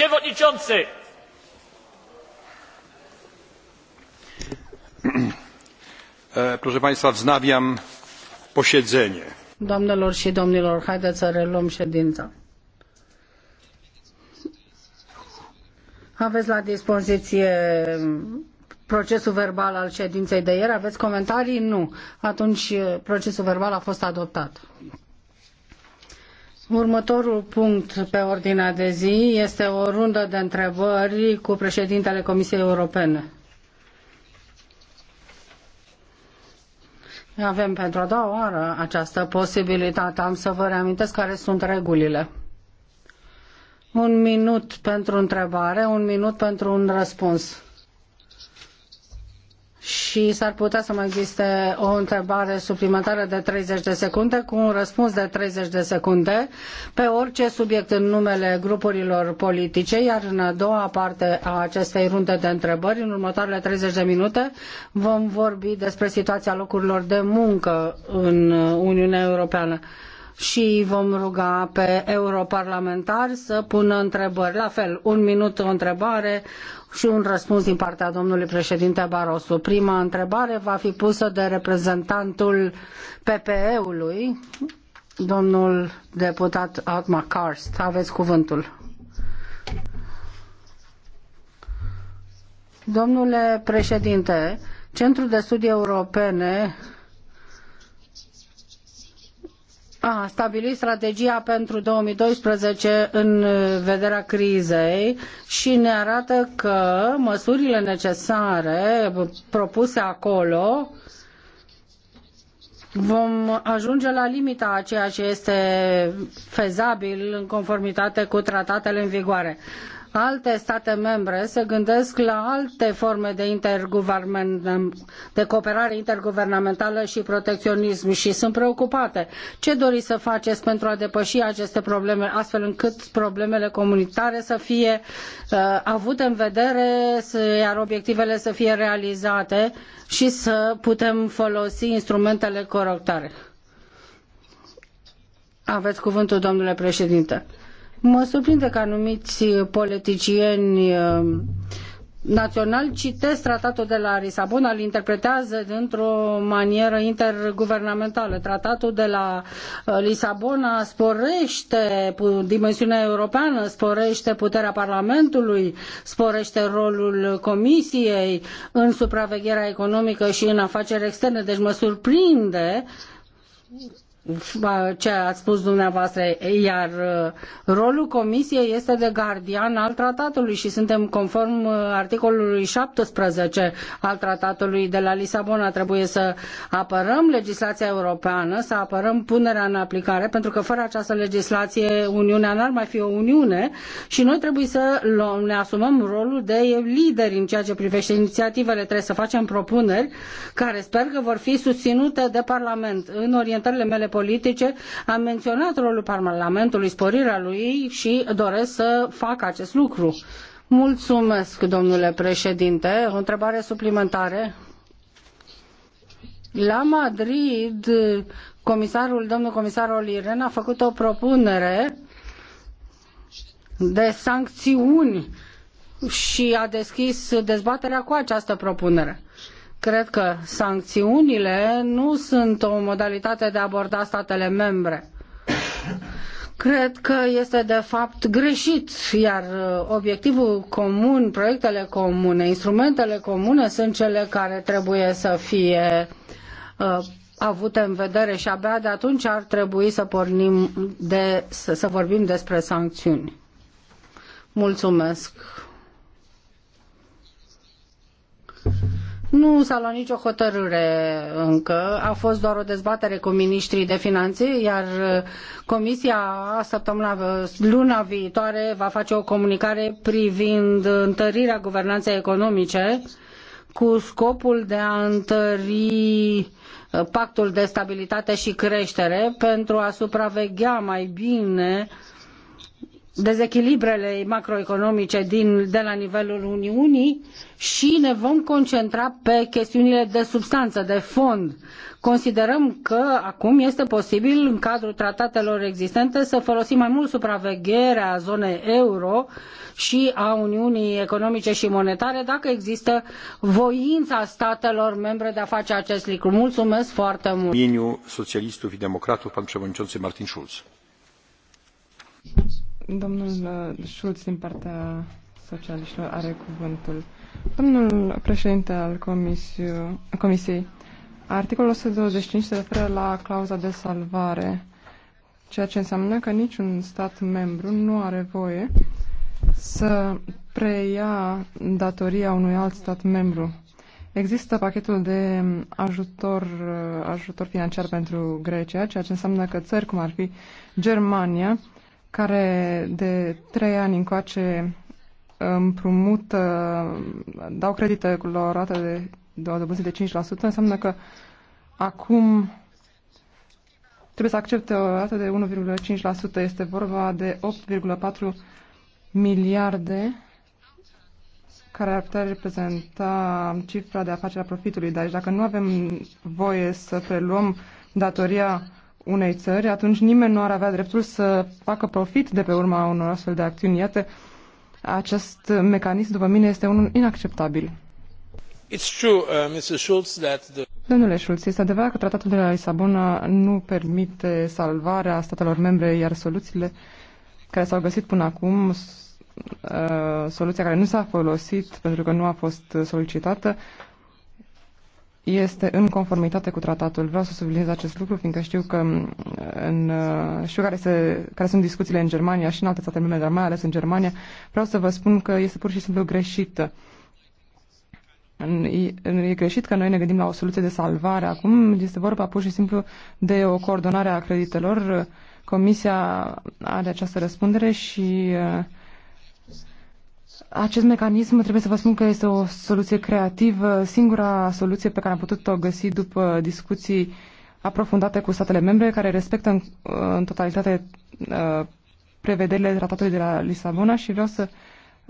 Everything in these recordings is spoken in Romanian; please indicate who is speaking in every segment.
Speaker 1: przewodniczący! Proszę Państwa, wznawiam posiedzenie.
Speaker 2: Doamnelor și domnilor, haideți să reluăm ședința. Aveți la dispoziție procesul verbal al ședinței de ieri. Aveți comentarii? Nu. Atunci procesul verbal a fost adoptat. Următorul punct pe ordinea de zi este o rundă de întrebări cu președintele Comisiei Europene. Avem pentru a doua oară această posibilitate. Am să vă reamintesc care sunt regulile. Un minut pentru întrebare, un minut pentru un răspuns și s-ar putea să mai existe o întrebare suplimentară de 30 de secunde cu un răspuns de 30 de secunde pe orice subiect în numele grupurilor politice, iar în a doua parte a acestei runde de întrebări, în următoarele 30 de minute, vom vorbi despre situația locurilor de muncă în Uniunea Europeană și vom ruga pe europarlamentari să pună întrebări. La fel, un minut o întrebare și un răspuns din partea domnului președinte Barroso. Prima întrebare va fi pusă de reprezentantul PPE-ului, domnul deputat Atma Karst. Aveți cuvântul. Domnule președinte, Centrul de Studii Europene a stabilit strategia pentru 2012 în vederea crizei și ne arată că măsurile necesare propuse acolo vom ajunge la limita a ceea ce este fezabil în conformitate cu tratatele în vigoare alte state membre se gândesc la alte forme de, de cooperare interguvernamentală și protecționism și sunt preocupate. Ce doriți să faceți pentru a depăși aceste probleme, astfel încât problemele comunitare să fie uh, avute în vedere, să, iar obiectivele să fie realizate și să putem folosi instrumentele corectare? Aveți cuvântul, domnule președinte. Mă surprinde că anumiți politicieni uh, național citesc tratatul de la Lisabona, îl interpretează într-o manieră interguvernamentală. Tratatul de la uh, Lisabona sporește dimensiunea europeană, sporește puterea Parlamentului, sporește rolul Comisiei în supravegherea economică și în afaceri externe. Deci mă surprinde ce a spus dumneavoastră, iar uh, rolul Comisiei este de gardian al tratatului și suntem conform uh, articolului 17 al tratatului de la Lisabona. Trebuie să apărăm legislația europeană, să apărăm punerea în aplicare, pentru că fără această legislație Uniunea n-ar mai fi o Uniune și noi trebuie să ne asumăm rolul de lideri în ceea ce privește inițiativele. Trebuie să facem propuneri care sper că vor fi susținute de Parlament. În orientările mele politice, am menționat rolul Parlamentului, sporirea lui și doresc să fac acest lucru. Mulțumesc, domnule președinte. O întrebare suplimentare. La Madrid, comisarul, domnul comisar Oliren a făcut o propunere de sancțiuni și a deschis dezbaterea cu această propunere. Cred că sancțiunile nu sunt o modalitate de a aborda statele membre. Cred că este de fapt greșit, iar uh, obiectivul comun, proiectele comune, instrumentele comune sunt cele care trebuie să fie uh, avute în vedere și abia de atunci ar trebui să pornim de, să, să vorbim despre sancțiuni. Mulțumesc. Nu s-a luat nicio hotărâre încă, a fost doar o dezbatere cu ministrii de finanțe, iar uh, comisia săptămâna, uh, luna viitoare va face o comunicare privind întărirea guvernanței economice cu scopul de a întări uh, pactul de stabilitate și creștere pentru a supraveghea mai bine uh, dezechilibrele macroeconomice din, de la nivelul Uniunii și ne vom concentra pe chestiunile de substanță, de fond. Considerăm că acum este posibil, în cadrul tratatelor existente, să folosim mai mult supravegherea zonei euro și a Uniunii Economice și Monetare, dacă există voința statelor membre de a face acest lucru. Mulțumesc foarte
Speaker 1: mult! socialistul și democratul, pan Martin Schulz.
Speaker 3: Domnul uh, Schulz din partea socialiștilor are cuvântul. Domnul președinte al comisiu, Comisiei, articolul 125 se referă la clauza de salvare, ceea ce înseamnă că niciun stat membru nu are voie să preia datoria unui alt stat membru. Există pachetul de ajutor, uh, ajutor financiar pentru Grecia, ceea ce înseamnă că țări cum ar fi Germania care de trei ani încoace împrumută, dau credite cu o rată de, de o dobândă de 5%, înseamnă că acum trebuie să accepte o rată de 1,5%. Este vorba de 8,4 miliarde care ar putea reprezenta cifra de afacere a profitului. Dar dacă nu avem voie să preluăm datoria unei țări, atunci nimeni nu ar avea dreptul să facă profit de pe urma unor astfel de acțiuni. Iată, acest mecanism, după mine, este unul inacceptabil. It's
Speaker 1: true, uh, Mr. Schultz, that the...
Speaker 3: Domnule Schulz, este adevărat că tratatul de la Lisabona nu permite salvarea statelor membre, iar soluțiile care s-au găsit până acum, uh, soluția care nu s-a folosit pentru că nu a fost solicitată, este în conformitate cu tratatul. Vreau să subliniez acest lucru, fiindcă știu că mm, în, uh, știu care, se, care sunt discuțiile în Germania și în alte state membre, dar mai ales în Germania. Vreau să vă spun că este pur și simplu greșită. E greșit că noi ne gândim la o soluție de salvare. Acum este vorba pur și simplu de o coordonare a creditelor. Comisia are această răspundere și uh, acest mecanism, trebuie să vă spun că este o soluție creativă, singura soluție pe care am putut-o găsi după discuții aprofundate cu statele membre, care respectă în, în totalitate uh, prevederile tratatului de la Lisabona și vreau să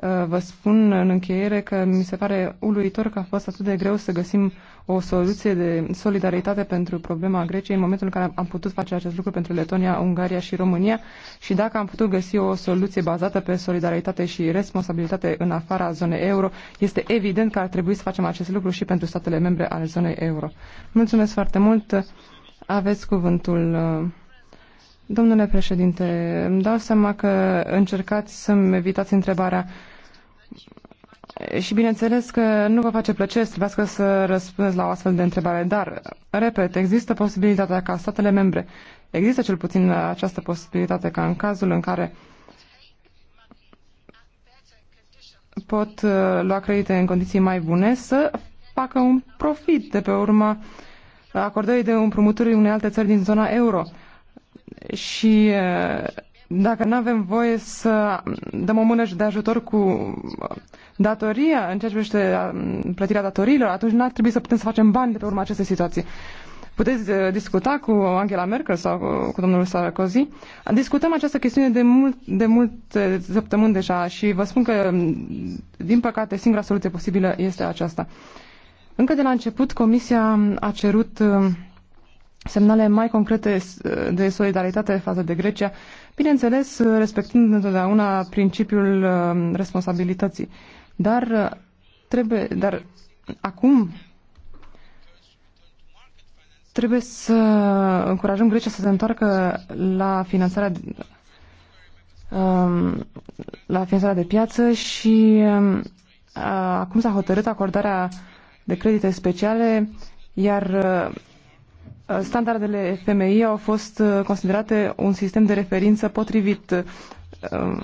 Speaker 3: Uh, vă spun în încheiere că mi se pare uluitor că a fost atât de greu să găsim o soluție de solidaritate pentru problema Greciei în momentul în care am putut face acest lucru pentru Letonia, Ungaria și România și dacă am putut găsi o soluție bazată pe solidaritate și responsabilitate în afara zonei euro, este evident că ar trebui să facem acest lucru și pentru statele membre ale zonei euro. Mulțumesc foarte mult! Aveți cuvântul uh, Domnule președinte, îmi dau seama că încercați să-mi evitați întrebarea. Și bineînțeles că nu vă face plăcere să trebuiască să răspundeți la o astfel de întrebare, dar, repet, există posibilitatea ca statele membre, există cel puțin această posibilitate ca în cazul în care pot uh, lua credite în condiții mai bune să facă un profit de pe urma acordării de împrumuturi unei alte țări din zona euro și dacă nu avem voie să dăm o mână de ajutor cu datoria, în ceea ce privește plătirea datoriilor, atunci nu ar trebui să putem să facem bani de pe urma acestei situații. Puteți discuta cu Angela Merkel sau cu domnul Sarkozy. Discutăm această chestiune de, mult, de multe săptămâni deja și vă spun că, din păcate, singura soluție posibilă este aceasta. Încă de la început, Comisia a cerut semnale mai concrete de solidaritate față de Grecia, bineînțeles respectând întotdeauna principiul um, responsabilității. Dar uh, trebuie, dar acum trebuie să încurajăm Grecia să se întoarcă la finanțarea um, la finanțarea de piață și um, acum s-a hotărât acordarea de credite speciale, iar uh, standardele FMI au fost uh, considerate un sistem de referință potrivit uh,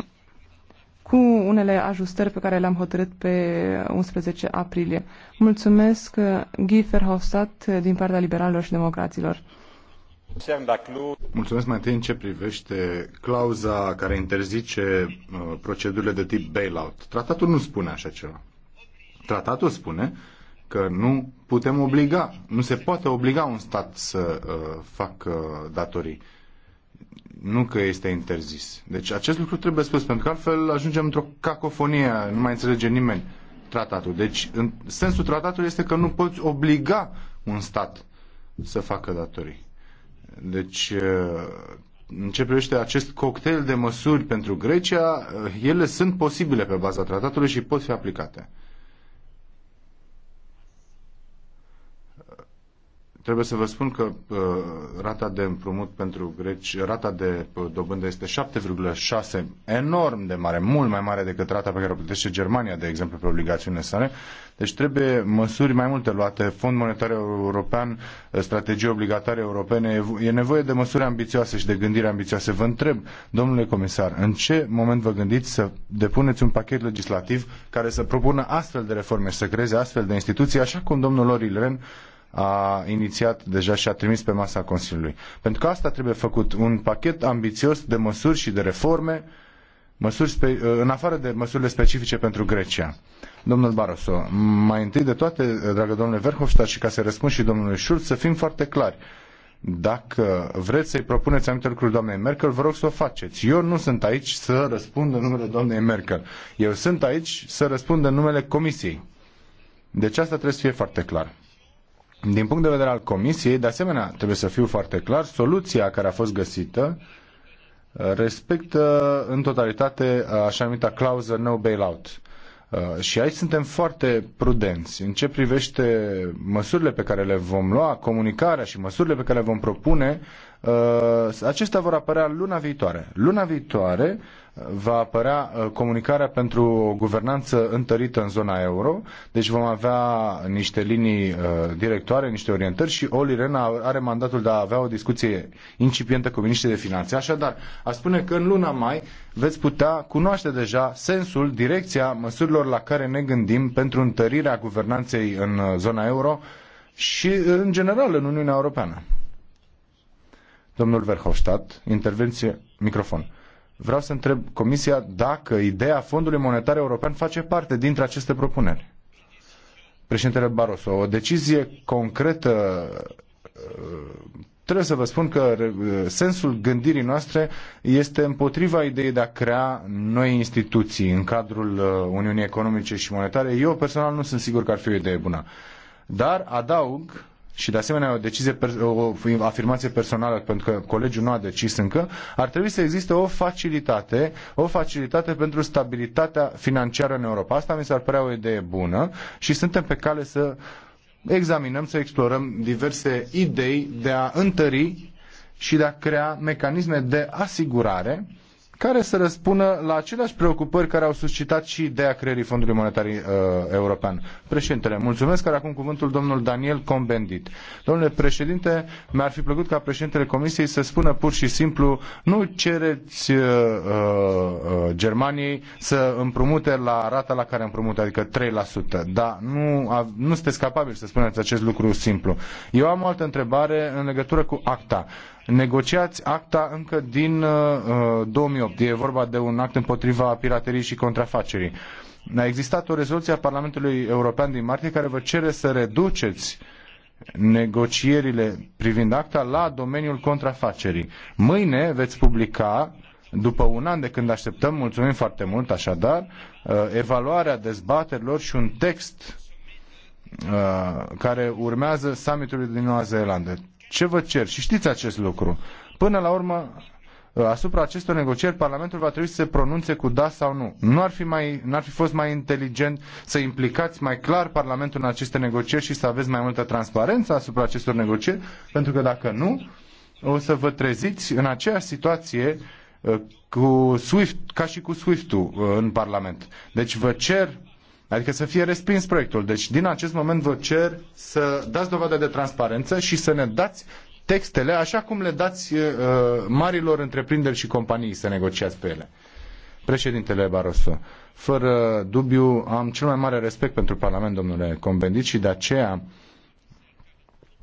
Speaker 3: cu unele ajustări pe care le-am hotărât pe 11 aprilie. Mulțumesc uh, Guy Verhofstadt din partea liberalilor și democraților.
Speaker 1: Mulțumesc mai întâi în ce privește clauza care interzice procedurile de tip bailout. Tratatul nu spune așa ceva. Tratatul spune că nu putem obliga, nu se poate obliga un stat să uh, facă datorii. Nu că este interzis. Deci acest lucru trebuie spus, pentru că altfel ajungem într-o cacofonie, nu mai înțelege nimeni tratatul. Deci în sensul tratatului este că nu poți obliga un stat să facă datorii. Deci uh, în ce privește acest cocktail de măsuri pentru Grecia, uh, ele sunt posibile pe baza tratatului și pot fi aplicate. Trebuie să vă spun că uh, rata de împrumut pentru greci, rata de uh, dobândă este 7,6, enorm de mare, mult mai mare decât rata pe care o plătește Germania, de exemplu, pe obligațiunile sale. Deci trebuie măsuri mai multe luate. Fond Monetar European, uh, strategii obligatare europene, e nevoie de măsuri ambițioase și de gândire ambițioase. Vă întreb, domnule comisar, în ce moment vă gândiți să depuneți un pachet legislativ care să propună astfel de reforme și să creeze astfel de instituții, așa cum domnul Lorilren Ren a inițiat deja și a trimis pe masa Consiliului. Pentru că asta trebuie făcut, un pachet ambițios de măsuri și de reforme, măsuri uh, în afară de măsurile specifice pentru Grecia. Domnul Barroso, mai întâi de toate, dragă domnule Verhofstadt, și ca să răspund și domnului Schulz, să fim foarte clari dacă vreți să-i propuneți anumite lucruri doamnei Merkel, vă rog să o faceți. Eu nu sunt aici să răspund în numele doamnei Merkel. Eu sunt aici să răspund în numele Comisiei. Deci asta trebuie să fie foarte clar. Din punct de vedere al Comisiei, de asemenea, trebuie să fiu foarte clar, soluția care a fost găsită uh, respectă în totalitate uh, așa numita clauză no bailout. Uh, și aici suntem foarte prudenți. În ce privește măsurile pe care le vom lua, comunicarea și măsurile pe care le vom propune, acestea vor apărea luna viitoare. Luna viitoare va apărea uh, comunicarea pentru o guvernanță întărită în zona euro, deci vom avea niște linii uh, directoare, niște orientări și Oli Rena are mandatul de a avea o discuție incipientă cu miniștrii de finanțe. Așadar, a spune că în luna mai veți putea cunoaște deja sensul, direcția măsurilor la care ne gândim pentru întărirea guvernanței în uh, zona euro și în general în Uniunea Europeană. Domnul Verhofstadt, intervenție, microfon. Vreau să întreb Comisia dacă ideea Fondului Monetar European face parte dintre aceste propuneri. Președintele Barroso, o decizie concretă uh, trebuie să vă spun că uh, sensul gândirii noastre este împotriva ideii de a crea noi instituții în cadrul uh, Uniunii Economice și Monetare. Eu personal nu sunt sigur că ar fi o idee bună. Dar adaug și de asemenea o, decizie, o afirmație personală pentru că colegiul nu a decis încă, ar trebui să existe o facilitate, o facilitate pentru stabilitatea financiară în Europa. Asta mi s-ar părea o idee bună și suntem pe cale să examinăm, să explorăm diverse idei de a întări și de a crea mecanisme de asigurare care să răspună la aceleași preocupări care au suscitat și ideea creierii Fondului Monetar uh, European. Președintele, mulțumesc, are acum cuvântul domnul Daniel Combendit. Domnule președinte, mi-ar fi plăcut ca președintele Comisiei să spună pur și simplu nu cereți uh, uh, Germaniei să împrumute la rata la care împrumute, adică 3%. Dar nu, a, nu sunteți capabili să spuneți acest lucru simplu. Eu am o altă întrebare în legătură cu acta negociați acta încă din 2008. Uh, uh, e vorba de un act împotriva pirateriei și contrafacerii. A existat o rezoluție a Parlamentului European din martie care vă cere să reduceți negocierile privind acta la domeniul contrafacerii. Mâine veți publica după un an de când așteptăm, mulțumim foarte mult așadar, uh, evaluarea dezbaterilor și un text care urmează summitului din Noua Zeelandă ce vă cer și știți acest lucru. Până la urmă, ă, asupra acestor negocieri, Parlamentul va trebui să se pronunțe cu da sau nu. Nu ar fi, mai, n-ar fi fost mai inteligent să implicați mai clar Parlamentul în aceste negocieri și să aveți mai multă transparență asupra acestor negocieri? Pentru că dacă nu, o să vă treziți în aceeași situație ă, cu Swift, ca și cu Swift-ul ă, în Parlament. Deci vă cer Adică să fie respins proiectul. Deci din acest moment vă cer să dați dovadă de transparență și să ne dați textele așa cum le dați uh, marilor întreprinderi și companii să negociați pe ele. Președintele Barroso, fără dubiu am cel mai mare respect pentru Parlament, domnule Convendit, și de aceea uh,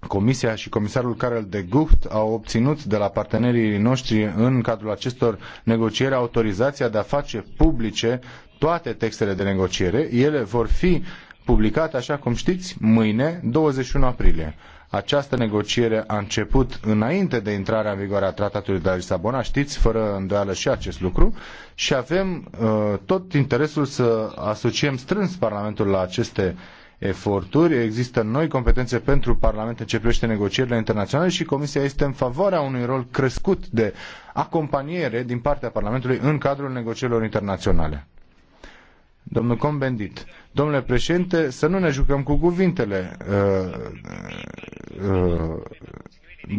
Speaker 1: Comisia și comisarul Karel de Gucht au obținut de la partenerii noștri în cadrul acestor negocieri autorizația de a face publice toate textele de negociere. Ele vor fi publicate, așa cum știți, mâine, 21 aprilie. Această negociere a început înainte de intrarea în vigoare a tratatului de la Lisabona, știți fără îndoială și acest lucru, și avem uh, tot interesul să asociem strâns Parlamentul la aceste eforturi. Există noi competențe pentru Parlament în ce privește negocierile internaționale și Comisia este în favoarea unui rol crescut de acompaniere din partea Parlamentului în cadrul negocierilor internaționale. Domnul Combendit, domnule președinte, să nu ne jucăm cu cuvintele. Uh, uh,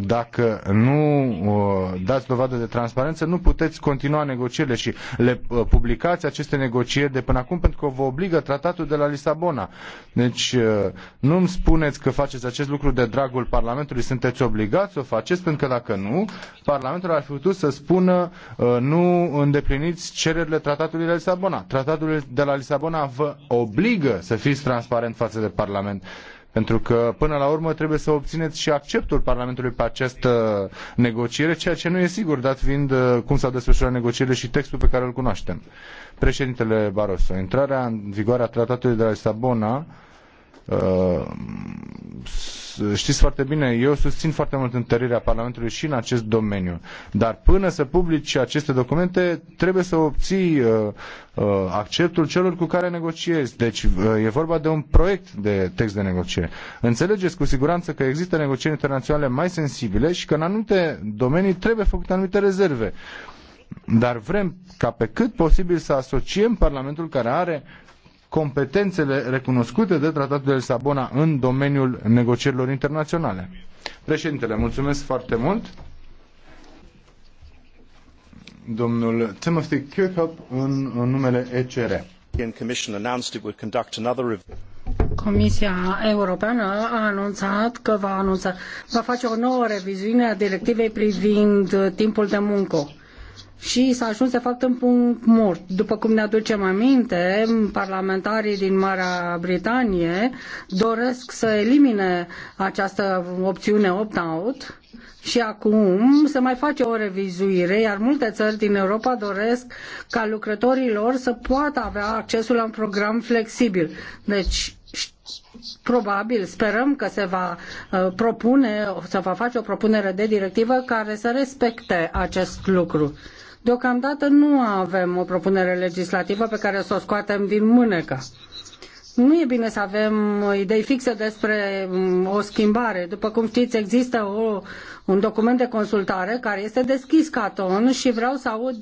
Speaker 1: dacă nu uh, dați dovadă de transparență, nu puteți continua negocierile și le uh, publicați aceste negocieri de până acum pentru că vă obligă tratatul de la Lisabona. Deci uh, nu îmi spuneți că faceți acest lucru de dragul Parlamentului, sunteți obligați să o faceți pentru că dacă nu, Parlamentul ar fi putut să spună nu îndepliniți cererile tratatului de la Lisabona. Tratatul de la Lisabona vă obligă să fiți transparent față de Parlament. Pentru că, până la urmă, trebuie să obțineți și acceptul Parlamentului pe această uh, negociere, ceea ce nu e sigur, dat fiind uh, cum s-au desfășurat negocierile și textul pe care îl cunoaștem. Președintele Barroso, intrarea în vigoare a tratatului de la Lisabona Uh, știți foarte bine, eu susțin foarte mult întărirea Parlamentului și în acest domeniu. Dar până să publici aceste documente, trebuie să obții uh, uh, acceptul celor cu care negociezi. Deci e vorba de un proiect de text de negociere. Înțelegeți cu siguranță că există negocieri internaționale mai sensibile și că în anumite domenii trebuie făcute anumite rezerve dar vrem ca pe cât posibil să asociem Parlamentul care are competențele recunoscute de Tratatul de Lisabona în domeniul negocierilor internaționale. Președintele, mulțumesc foarte mult. Domnul Timothy Kirkhope în, în numele ECR.
Speaker 2: Comisia Europeană a anunțat că va, anunța, va face o nouă revizuire a directivei privind timpul de muncă și s-a ajuns de fapt în punct mort. După cum ne aducem aminte, parlamentarii din Marea Britanie doresc să elimine această opțiune opt-out și acum se mai face o revizuire, iar multe țări din Europa doresc ca lucrătorii lor să poată avea accesul la un program flexibil. Deci probabil, sperăm că se va uh, propune, se va face o propunere de directivă care să respecte acest lucru. Deocamdată nu avem o propunere legislativă pe care să o scoatem din mânecă. Nu e bine să avem idei fixe despre mm, o schimbare. După cum știți, există o, un document de consultare care este deschis ca ton și vreau să aud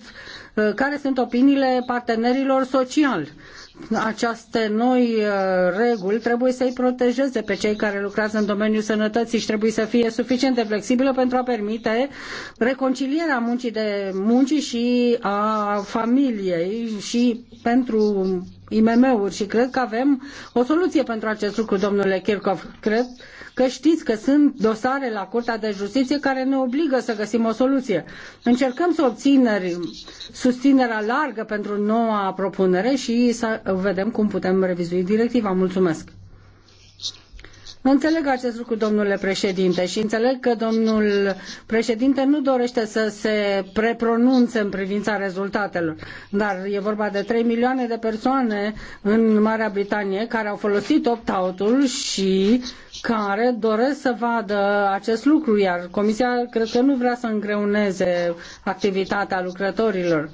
Speaker 2: uh, care sunt opiniile partenerilor sociali aceste noi uh, reguli trebuie să-i protejeze pe cei care lucrează în domeniul sănătății și trebuie să fie suficient de flexibilă pentru a permite reconcilierea muncii de muncii și a familiei și pentru IMM-uri și cred că avem o soluție pentru acest lucru, domnule Kirchhoff. Cred că știți că sunt dosare la Curtea de Justiție care ne obligă să găsim o soluție. Încercăm să obținem susținerea largă pentru noua propunere și să vedem cum putem revizui directiva. Mulțumesc! Înțeleg acest lucru, domnule președinte, și înțeleg că domnul președinte nu dorește să se prepronunțe în privința rezultatelor, dar e vorba de 3 milioane de persoane în Marea Britanie care au folosit opt-out-ul și care doresc să vadă acest lucru, iar Comisia cred că nu vrea să îngreuneze activitatea lucrătorilor.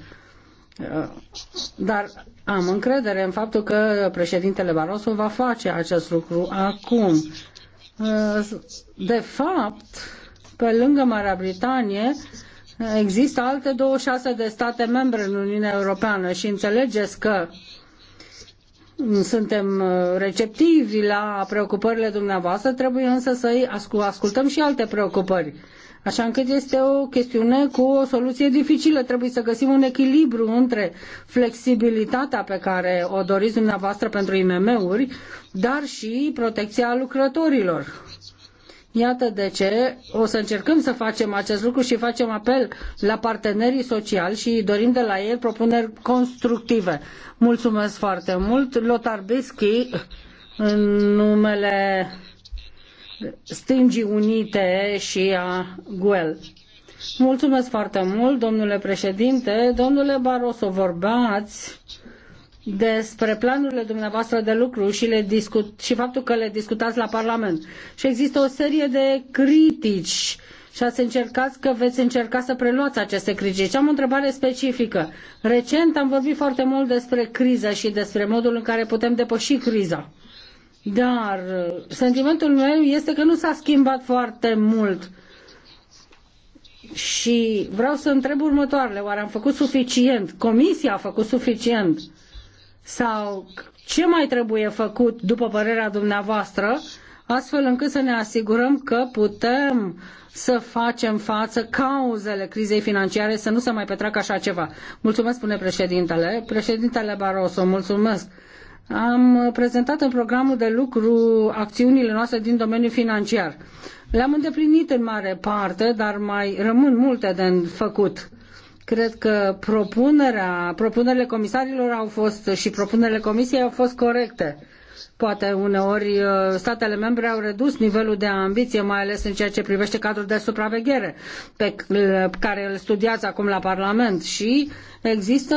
Speaker 2: Dar am încredere în faptul că președintele Barroso va face acest lucru acum. Uh, de fapt, pe lângă Marea Britanie, există alte 26 de state membre în Uniunea Europeană și înțelegeți că suntem receptivi la preocupările dumneavoastră, trebuie însă să ascultăm și alte preocupări. Așa încât este o chestiune cu o soluție dificilă. Trebuie să găsim un echilibru între flexibilitatea pe care o doriți dumneavoastră pentru IMM-uri, dar și protecția lucrătorilor. Iată de ce o să încercăm să facem acest lucru și facem apel la partenerii sociali și dorim de la ei propuneri constructive. Mulțumesc foarte mult. Lothar Bischi, în numele Stângii Unite și a GUEL. Mulțumesc foarte mult, domnule președinte. Domnule Barroso, vorbați despre planurile dumneavoastră de lucru și, le discut, și faptul că le discutați la Parlament. Și există o serie de critici și ați încercat că veți încerca să preluați aceste critici. Am o întrebare specifică. Recent am vorbit foarte mult despre criză și despre modul în care putem depăși criza. Dar uh, sentimentul meu este că nu s-a schimbat foarte mult. Și vreau să întreb următoarele. Oare am făcut suficient? Comisia a făcut suficient? Sau ce mai trebuie făcut, după părerea dumneavoastră, astfel încât să ne asigurăm că putem să facem față cauzele crizei financiare, să nu se mai petreacă așa ceva. Mulțumesc, spune președintele. Președintele Barroso, mulțumesc am prezentat în programul de lucru acțiunile noastre din domeniul financiar. Le-am îndeplinit în mare parte, dar mai rămân multe de făcut. Cred că propunerea, propunerile comisarilor au fost și propunerile comisiei au fost corecte Poate uneori uh, statele membre au redus nivelul de ambiție, mai ales în ceea ce privește cadrul de supraveghere pe care îl studiați acum la Parlament și există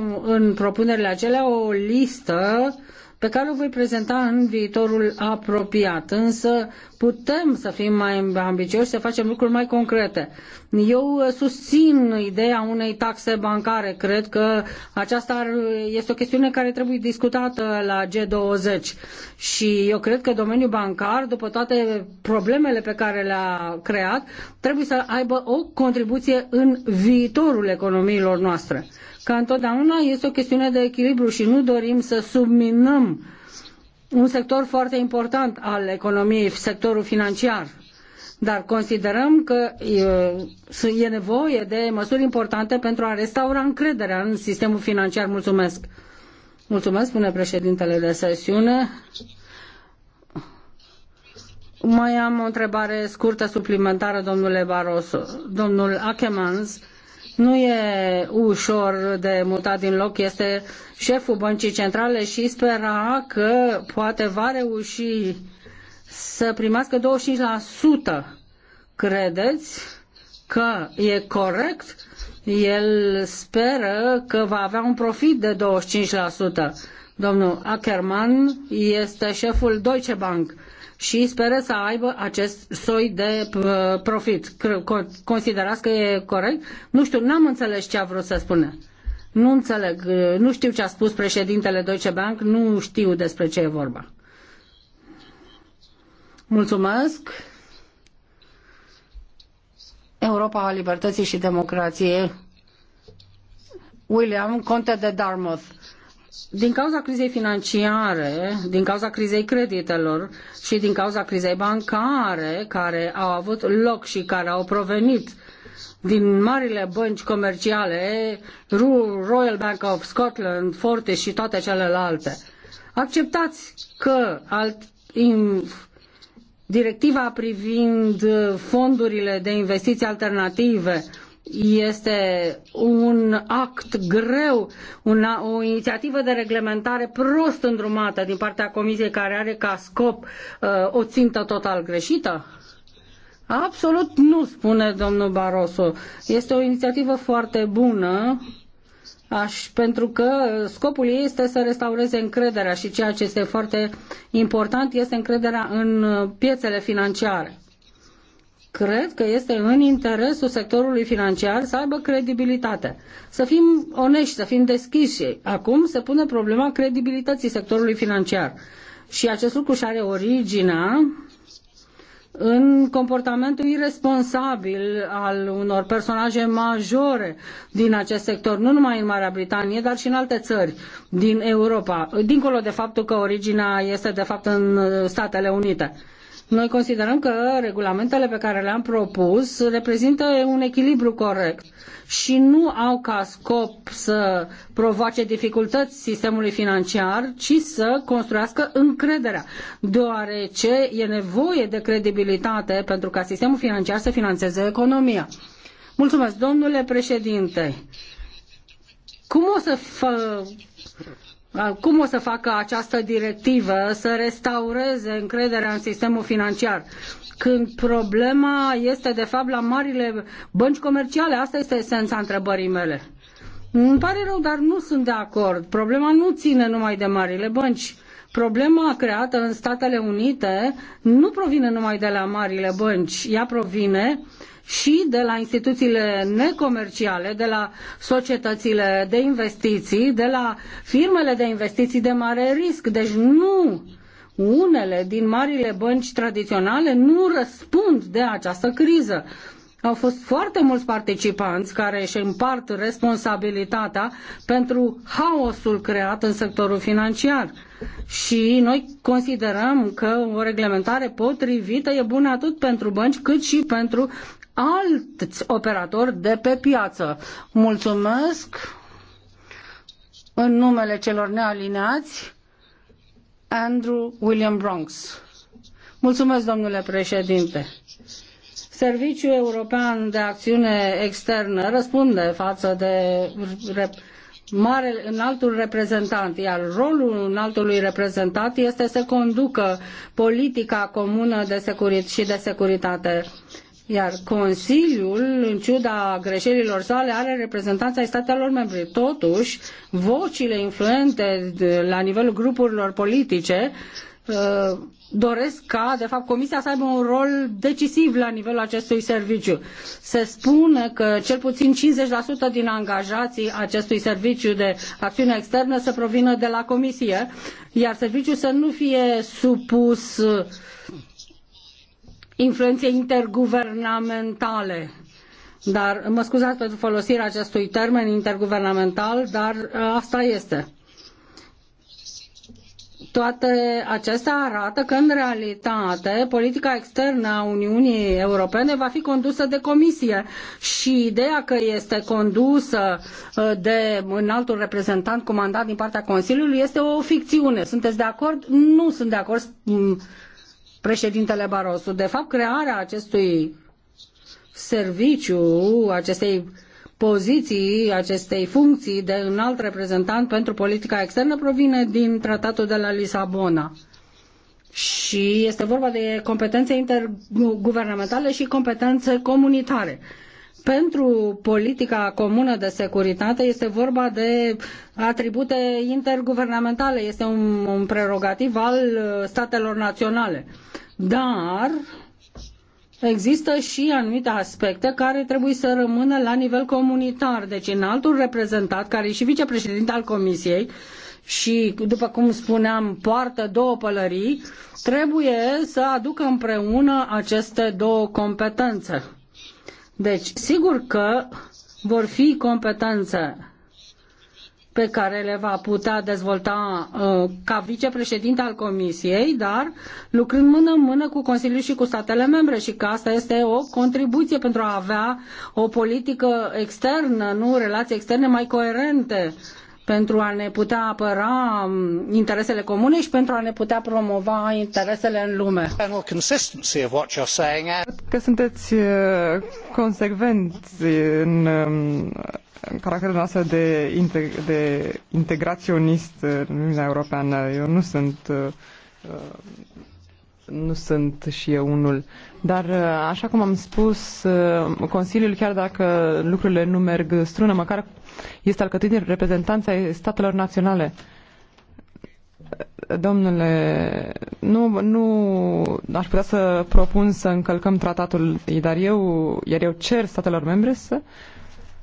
Speaker 2: uh, în propunerile acelea o listă pe care o voi prezenta în viitorul apropiat. Însă putem să fim mai ambițioși, să facem lucruri mai concrete. Eu uh, susțin ideea unei taxe bancare. Cred că aceasta este o chestiune care trebuie discutată la G20 și eu cred că domeniul bancar, după toate problemele pe care le-a creat, trebuie să aibă o contribuție în viitorul economiilor noastre. Ca întotdeauna este o chestiune de echilibru și nu dorim să subminăm un sector foarte important al economiei, sectorul financiar dar considerăm că e, e nevoie de măsuri importante pentru a restaura încrederea în sistemul financiar. Mulțumesc! Mulțumesc, spune președintele de sesiune. Mai am o întrebare scurtă suplimentară, domnule Barroso. Domnul Achemans nu e ușor de mutat din loc, este șeful Băncii Centrale și spera că poate va reuși să primească 25%. Credeți că e corect? El speră că va avea un profit de 25%. Domnul Ackerman este șeful Deutsche Bank și speră să aibă acest soi de uh, profit. Considerați că e corect? Nu știu, n-am înțeles ce a vrut să spună. Nu înțeleg, uh, nu știu ce a spus președintele Deutsche Bank, nu știu despre ce e vorba. Mulțumesc! Europa a Libertății și Democrației. William, conte de Dartmouth. Din cauza crizei financiare, din cauza crizei creditelor și din cauza crizei bancare care au avut loc și care au provenit din marile bănci comerciale, Royal Bank of Scotland, Fortis și toate celelalte. Acceptați că alt, Directiva privind fondurile de investiții alternative este un act greu, una, o inițiativă de reglementare prost îndrumată din partea Comisiei care are ca scop uh, o țintă total greșită? Absolut nu, spune domnul Barroso. Este o inițiativă foarte bună Aș, pentru că scopul ei este să restaureze încrederea și ceea ce este foarte important este încrederea în piețele financiare. Cred că este în interesul sectorului financiar să aibă credibilitate. Să fim onești, să fim deschiși. Acum se pune problema credibilității sectorului financiar. Și acest lucru și are originea în comportamentul irresponsabil al unor personaje majore din acest sector, nu numai în Marea Britanie, dar și în alte țări din Europa, dincolo de faptul că originea este de fapt în Statele Unite. Noi considerăm că regulamentele pe care le-am propus reprezintă un echilibru corect și nu au ca scop să provoace dificultăți sistemului financiar, ci să construiască încrederea, deoarece e nevoie de credibilitate pentru ca sistemul financiar să financeze economia. Mulțumesc, domnule președinte. Cum o să Uh, cum o să facă această directivă să restaureze încrederea în sistemul financiar? Când problema este, de fapt, la marile bănci comerciale, asta este esența întrebării mele. Îmi pare rău, dar nu sunt de acord. Problema nu ține numai de marile bănci Problema creată în Statele Unite nu provine numai de la marile bănci, ea provine și de la instituțiile necomerciale, de la societățile de investiții, de la firmele de investiții de mare risc. Deci nu unele din marile bănci tradiționale nu răspund de această criză. Au fost foarte mulți participanți care își împart responsabilitatea pentru haosul creat în sectorul financiar. Și noi considerăm că o reglementare potrivită e bună atât pentru bănci cât și pentru alți operatori de pe piață. Mulțumesc în numele celor nealineați, Andrew William Bronx. Mulțumesc, domnule președinte. Serviciul European de Acțiune Externă răspunde față de mare, înaltul reprezentant, iar rolul înaltului reprezentant este să conducă politica comună de securit și de securitate. Iar Consiliul, în ciuda greșelilor sale, are reprezentanța ai statelor membre. Totuși, vocile influente la nivelul grupurilor politice uh, doresc ca, de fapt, Comisia să aibă un rol decisiv la nivelul acestui serviciu. Se spune că cel puțin 50% din angajații acestui serviciu de acțiune externă să provină de la Comisie, iar serviciul să nu fie supus influenței interguvernamentale dar mă scuzați pentru folosirea acestui termen interguvernamental, dar ă, asta este. Toate acestea arată că, în realitate, politica externă a Uniunii Europene va fi condusă de comisie și ideea că este condusă uh, de un altul reprezentant comandat din partea Consiliului este o ficțiune. Sunteți de acord? Nu sunt de acord, mm, președintele Barroso. De fapt, crearea acestui serviciu, acestei poziții acestei funcții de înalt reprezentant pentru politica externă provine din tratatul de la Lisabona. Și este vorba de competențe interguvernamentale și competențe comunitare. Pentru politica comună de securitate este vorba de atribute interguvernamentale, este un, un prerogativ al uh, statelor naționale. Dar Există și anumite aspecte care trebuie să rămână la nivel comunitar. Deci în altul reprezentat, care e și vicepreședinte al Comisiei, și, după cum spuneam, poartă două pălării, trebuie să aducă împreună aceste două competențe. Deci, sigur că vor fi competențe pe care le va putea dezvolta uh, ca vicepreședinte al Comisiei, dar lucrând mână în mână cu Consiliul și cu statele membre și că asta este o contribuție pentru a avea o politică externă, nu relații externe mai coerente pentru a ne putea apăra um, interesele comune și pentru a ne putea promova interesele în lume.
Speaker 3: că sunteți uh, consecvenți în um, caracterul noastră de, integ- de integraționist în Uniunea Europeană. Eu nu sunt uh, nu sunt și eu unul. Dar, uh, așa cum am spus, uh, Consiliul, chiar dacă lucrurile nu merg strună, măcar este alcătuit din reprezentanța statelor naționale. Domnule, nu, nu aș putea să propun să încălcăm tratatul, dar eu, iar eu cer statelor membre să uh,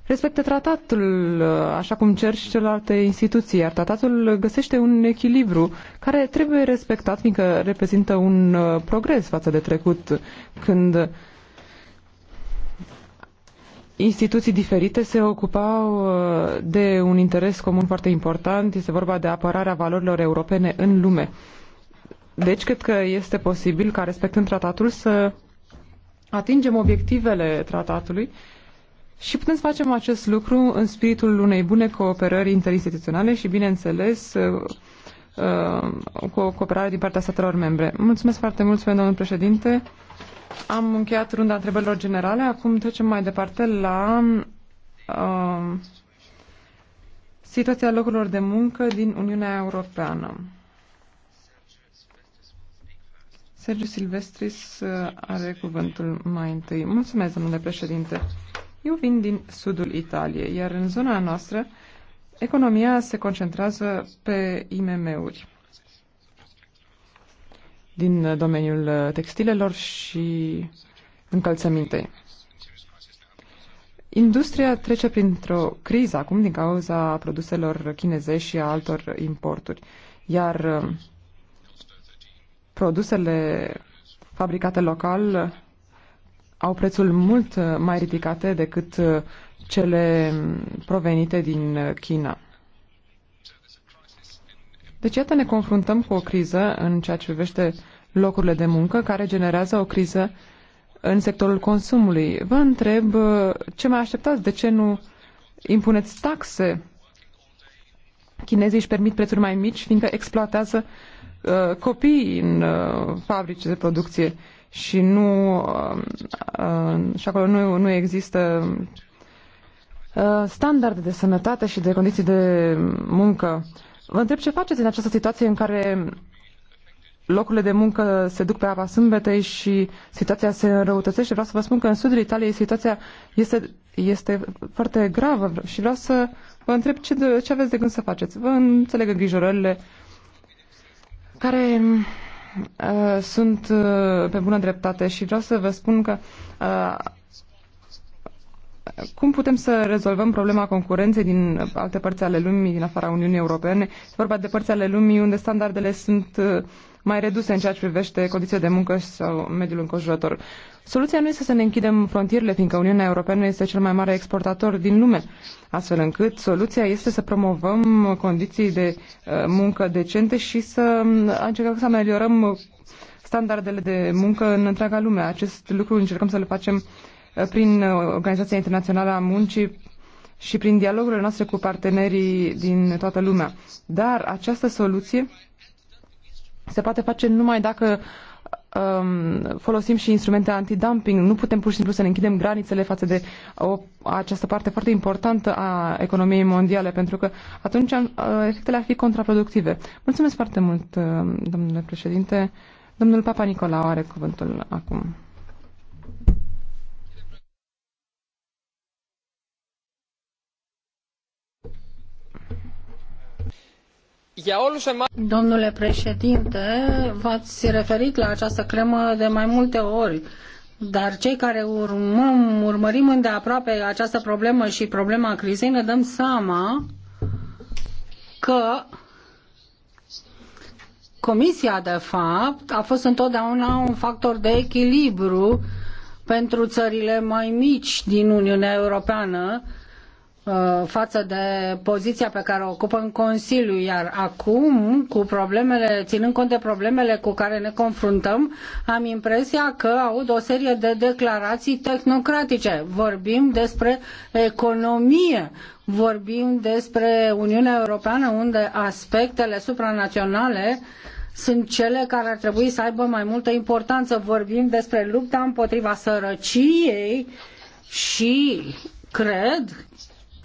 Speaker 3: respecte tratatul, așa cum cer și celelalte instituții, iar tratatul găsește un echilibru care trebuie respectat, fiindcă reprezintă un uh, progres față de trecut, când instituții diferite se ocupau uh, de un interes comun foarte important, este vorba de apărarea valorilor europene în lume. Deci, cred că este posibil ca, respectând tratatul, să atingem obiectivele tratatului și putem să facem acest lucru în spiritul unei bune cooperări interinstituționale și, bineînțeles, uh, uh, cu o cooperare din partea statelor membre. Mulțumesc foarte mult, domnul președinte. Am încheiat runda întrebărilor generale. Acum trecem mai departe la uh, situația locurilor de muncă din Uniunea Europeană. Sergiu Silvestris uh, are cuvântul mai întâi. Mulțumesc, domnule președinte. Eu vin din sudul Italiei, iar în zona noastră economia se concentrează pe IMM-uri din domeniul textilelor și încălțămintei. Industria trece printr-o criză acum din cauza produselor chinezești și a altor importuri, iar um, produsele fabricate local au prețul mult uh, mai ridicate decât uh, cele provenite din uh, China. Deci, iată, ne confruntăm cu o criză în ceea ce privește locurile de muncă, care generează o criză în sectorul consumului. Vă întreb ce mai așteptați, de ce nu impuneți taxe? Chinezii își permit prețuri mai mici, fiindcă exploatează uh, copiii în uh, fabrici de producție și nu uh, uh, și acolo nu, nu există uh, standarde de sănătate și de condiții de muncă. Vă întreb ce faceți în această situație în care locurile de muncă se duc pe apa sâmbetei și situația se înrăutățește. Vreau să vă spun că în sudul Italiei situația este, este foarte gravă și vreau să vă întreb ce, ce aveți de gând să faceți. Vă înțeleg îngrijorările care Uh, sunt uh, pe bună dreptate și vreau să vă spun că uh, cum putem să rezolvăm problema concurenței din alte părți ale lumii, din afara Uniunii Europene? E vorba de părți ale lumii unde standardele sunt mai reduse în ceea ce privește condițiile de muncă sau mediul înconjurător. Soluția nu este să ne închidem frontierele, fiindcă Uniunea Europeană este cel mai mare exportator din lume, astfel încât soluția este să promovăm condiții de uh, muncă decente și să um, încercăm să ameliorăm standardele de muncă în întreaga lume. Acest lucru încercăm să le facem uh, prin uh, Organizația Internațională a Muncii și prin dialogurile noastre cu partenerii din toată lumea. Dar această soluție se poate face numai dacă um, folosim și instrumente antidumping. Nu putem pur și simplu să ne închidem granițele față de o, această parte foarte importantă a economiei mondiale, pentru că atunci uh, efectele ar fi contraproductive. Mulțumesc foarte mult, uh, domnule președinte. Domnul Papa Nicolau are cuvântul acum.
Speaker 2: Domnule președinte, v-ați referit la această cremă de mai multe ori, dar cei care urmăm, urmărim îndeaproape această problemă și problema crizei ne dăm seama că Comisia, de fapt, a fost întotdeauna un factor de echilibru pentru țările mai mici din Uniunea Europeană, Uh, față de poziția pe care o ocupă în Consiliu, iar acum, cu problemele, ținând cont de problemele cu care ne confruntăm, am impresia că aud o serie de declarații tehnocratice. Vorbim despre economie, vorbim despre Uniunea Europeană, unde aspectele supranaționale sunt cele care ar trebui să aibă mai multă importanță. Vorbim despre lupta împotriva sărăciei și cred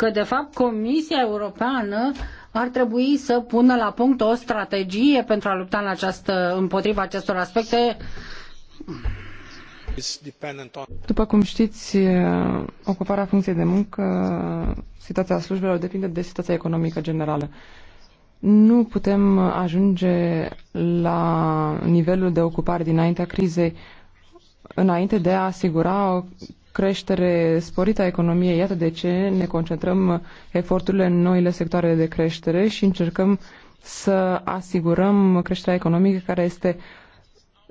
Speaker 2: că, de fapt, Comisia Europeană ar trebui să pună la punct o strategie pentru a lupta în această, împotriva acestor aspecte.
Speaker 3: După cum știți, ocuparea funcției de muncă, situația slujbelor depinde de situația economică generală. Nu putem ajunge la nivelul de ocupare dinaintea crizei înainte de a asigura o creștere sporită a economiei. Iată de ce ne concentrăm eforturile în noile sectoare de creștere și încercăm să asigurăm creșterea economică care este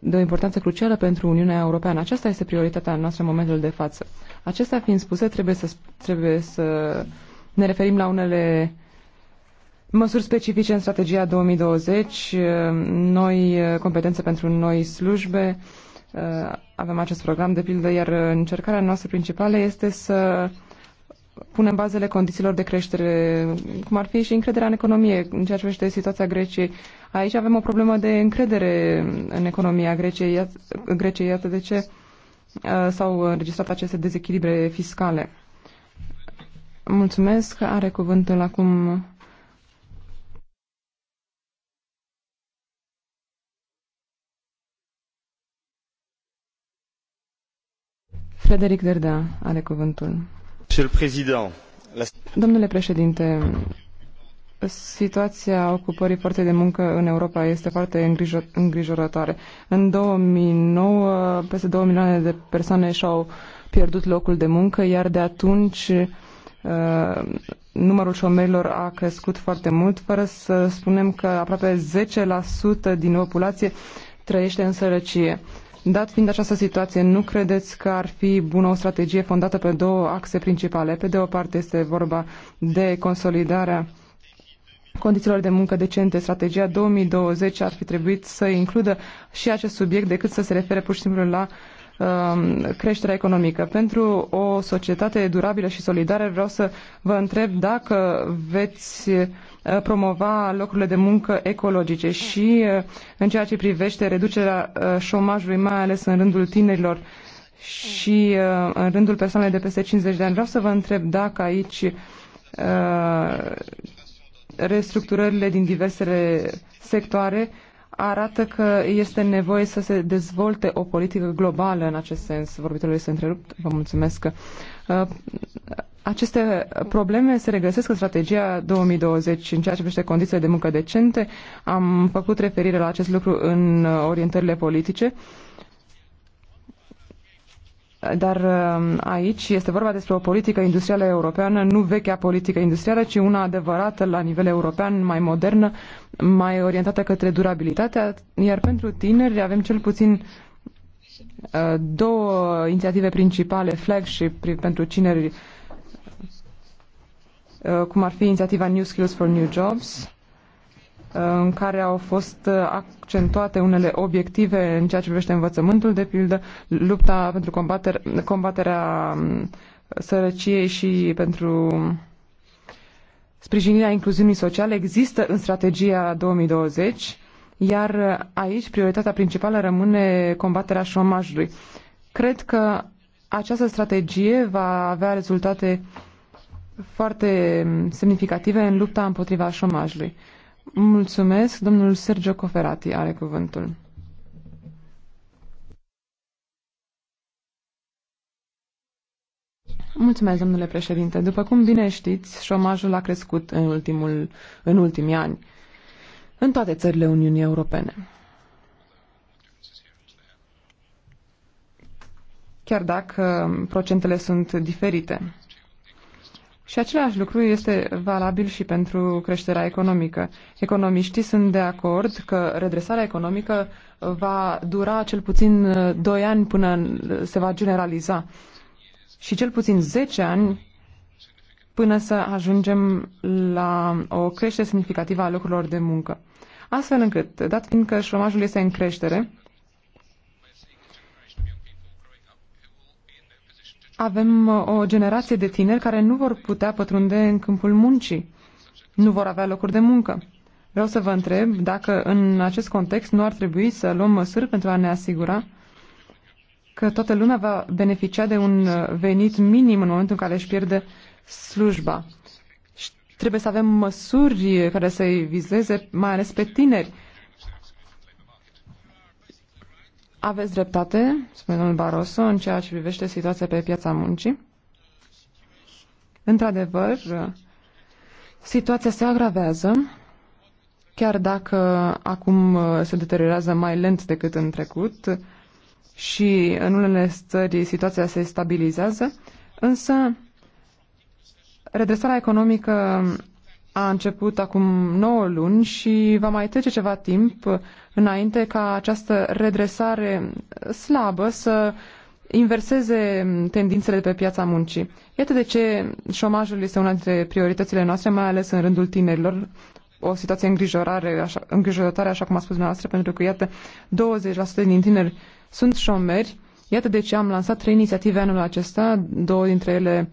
Speaker 3: de o importanță crucială pentru Uniunea Europeană. Aceasta este prioritatea noastră în momentul de față. Acestea fiind spuse, trebuie să, trebuie să ne referim la unele măsuri specifice în strategia 2020, noi competențe pentru noi slujbe, Uh, avem acest program, de pildă, iar încercarea noastră principală este să punem bazele condițiilor de creștere, cum ar fi și încrederea în economie, în ceea ce privește situația Greciei. Aici avem o problemă de încredere în economia Greciei, iată, Greciei, iată de ce uh, s-au înregistrat aceste dezechilibre fiscale. Mulțumesc. Are cuvântul acum Frederic Derda are cuvântul. Domnule președinte, situația ocupării forței de muncă în Europa este foarte îngrijorătoare. În 2009, peste 2 milioane de persoane și-au pierdut locul de muncă, iar de atunci uh, numărul șomerilor a crescut foarte mult, fără să spunem că aproape 10% din populație trăiește în sărăcie. Dat fiind această situație, nu credeți că ar fi bună o strategie fondată pe două axe principale? Pe de o parte este vorba de consolidarea condițiilor de muncă decente. Strategia 2020 ar fi trebuit să includă și acest subiect decât să se refere pur și simplu la uh, Um, creșterea economică. Pentru o societate durabilă și solidară vreau să vă întreb dacă veți uh, promova locurile de muncă ecologice și uh, în ceea ce privește reducerea uh, șomajului, mai ales în rândul tinerilor și în rândul persoanelor de peste 50 de ani. Vreau să vă întreb dacă aici restructurările din diversele sectoare arată că este nevoie să se dezvolte o politică globală în acest sens. Vorbitorul este întrerupt. Vă mulțumesc. Uh, aceste probleme se regăsesc în strategia 2020 în ceea ce privește condițiile de muncă decente. Am făcut referire la acest lucru în orientările politice dar um, aici este vorba despre o politică industrială europeană, nu vechea politică industrială, ci una adevărată la nivel european, mai modernă, mai orientată către durabilitatea. Iar pentru tineri avem cel puțin uh, două inițiative principale, flagship pentru tineri, uh, cum ar fi inițiativa New Skills for New Jobs, în care au fost uh, accentuate unele obiective în ceea ce privește învățământul, de pildă, lupta pentru combater, combaterea um, sărăciei și pentru um, sprijinirea incluziunii sociale există în strategia 2020, iar uh, aici prioritatea principală rămâne combaterea șomajului. Cred că această strategie va avea rezultate foarte um, semnificative în lupta împotriva șomajului. Mulțumesc. Domnul Sergio Coferati are cuvântul. Mulțumesc, domnule președinte. După cum bine știți, șomajul a crescut în, ultimul, în ultimii ani în toate țările Uniunii Europene. Chiar dacă procentele sunt diferite. Și același lucru este valabil și pentru creșterea economică. Economiștii sunt de acord că redresarea economică va dura cel puțin 2 uh, ani până uh, se va generaliza și cel puțin 10 ani până să ajungem la o creștere semnificativă a locurilor de muncă. Astfel încât, dat fiindcă șomajul este în creștere, avem uh, o generație de tineri care nu vor putea pătrunde în câmpul muncii, nu vor avea locuri de muncă. Vreau să vă întreb dacă în acest context nu ar trebui să luăm măsuri pentru a ne asigura că toată lumea va beneficia de un uh, venit minim în momentul în care își pierde slujba. Și trebuie să avem măsuri care să-i vizeze mai ales pe tineri Aveți dreptate, spune domnul Barroso, în ceea ce privește situația pe piața muncii. Într-adevăr, situația se agravează, chiar dacă acum uh, se deteriorează mai lent decât în trecut și în unele țări situația se stabilizează, însă redresarea economică a început acum 9 luni și va mai trece ceva timp înainte ca această redresare slabă să inverseze tendințele pe piața muncii. Iată de ce șomajul este una dintre prioritățile noastre, mai ales în rândul tinerilor, o situație îngrijorare, așa, îngrijorătoare, așa cum a spus dumneavoastră, pentru că, iată, 20% din tineri sunt șomeri. Iată de ce am lansat trei inițiative anul acesta, două dintre ele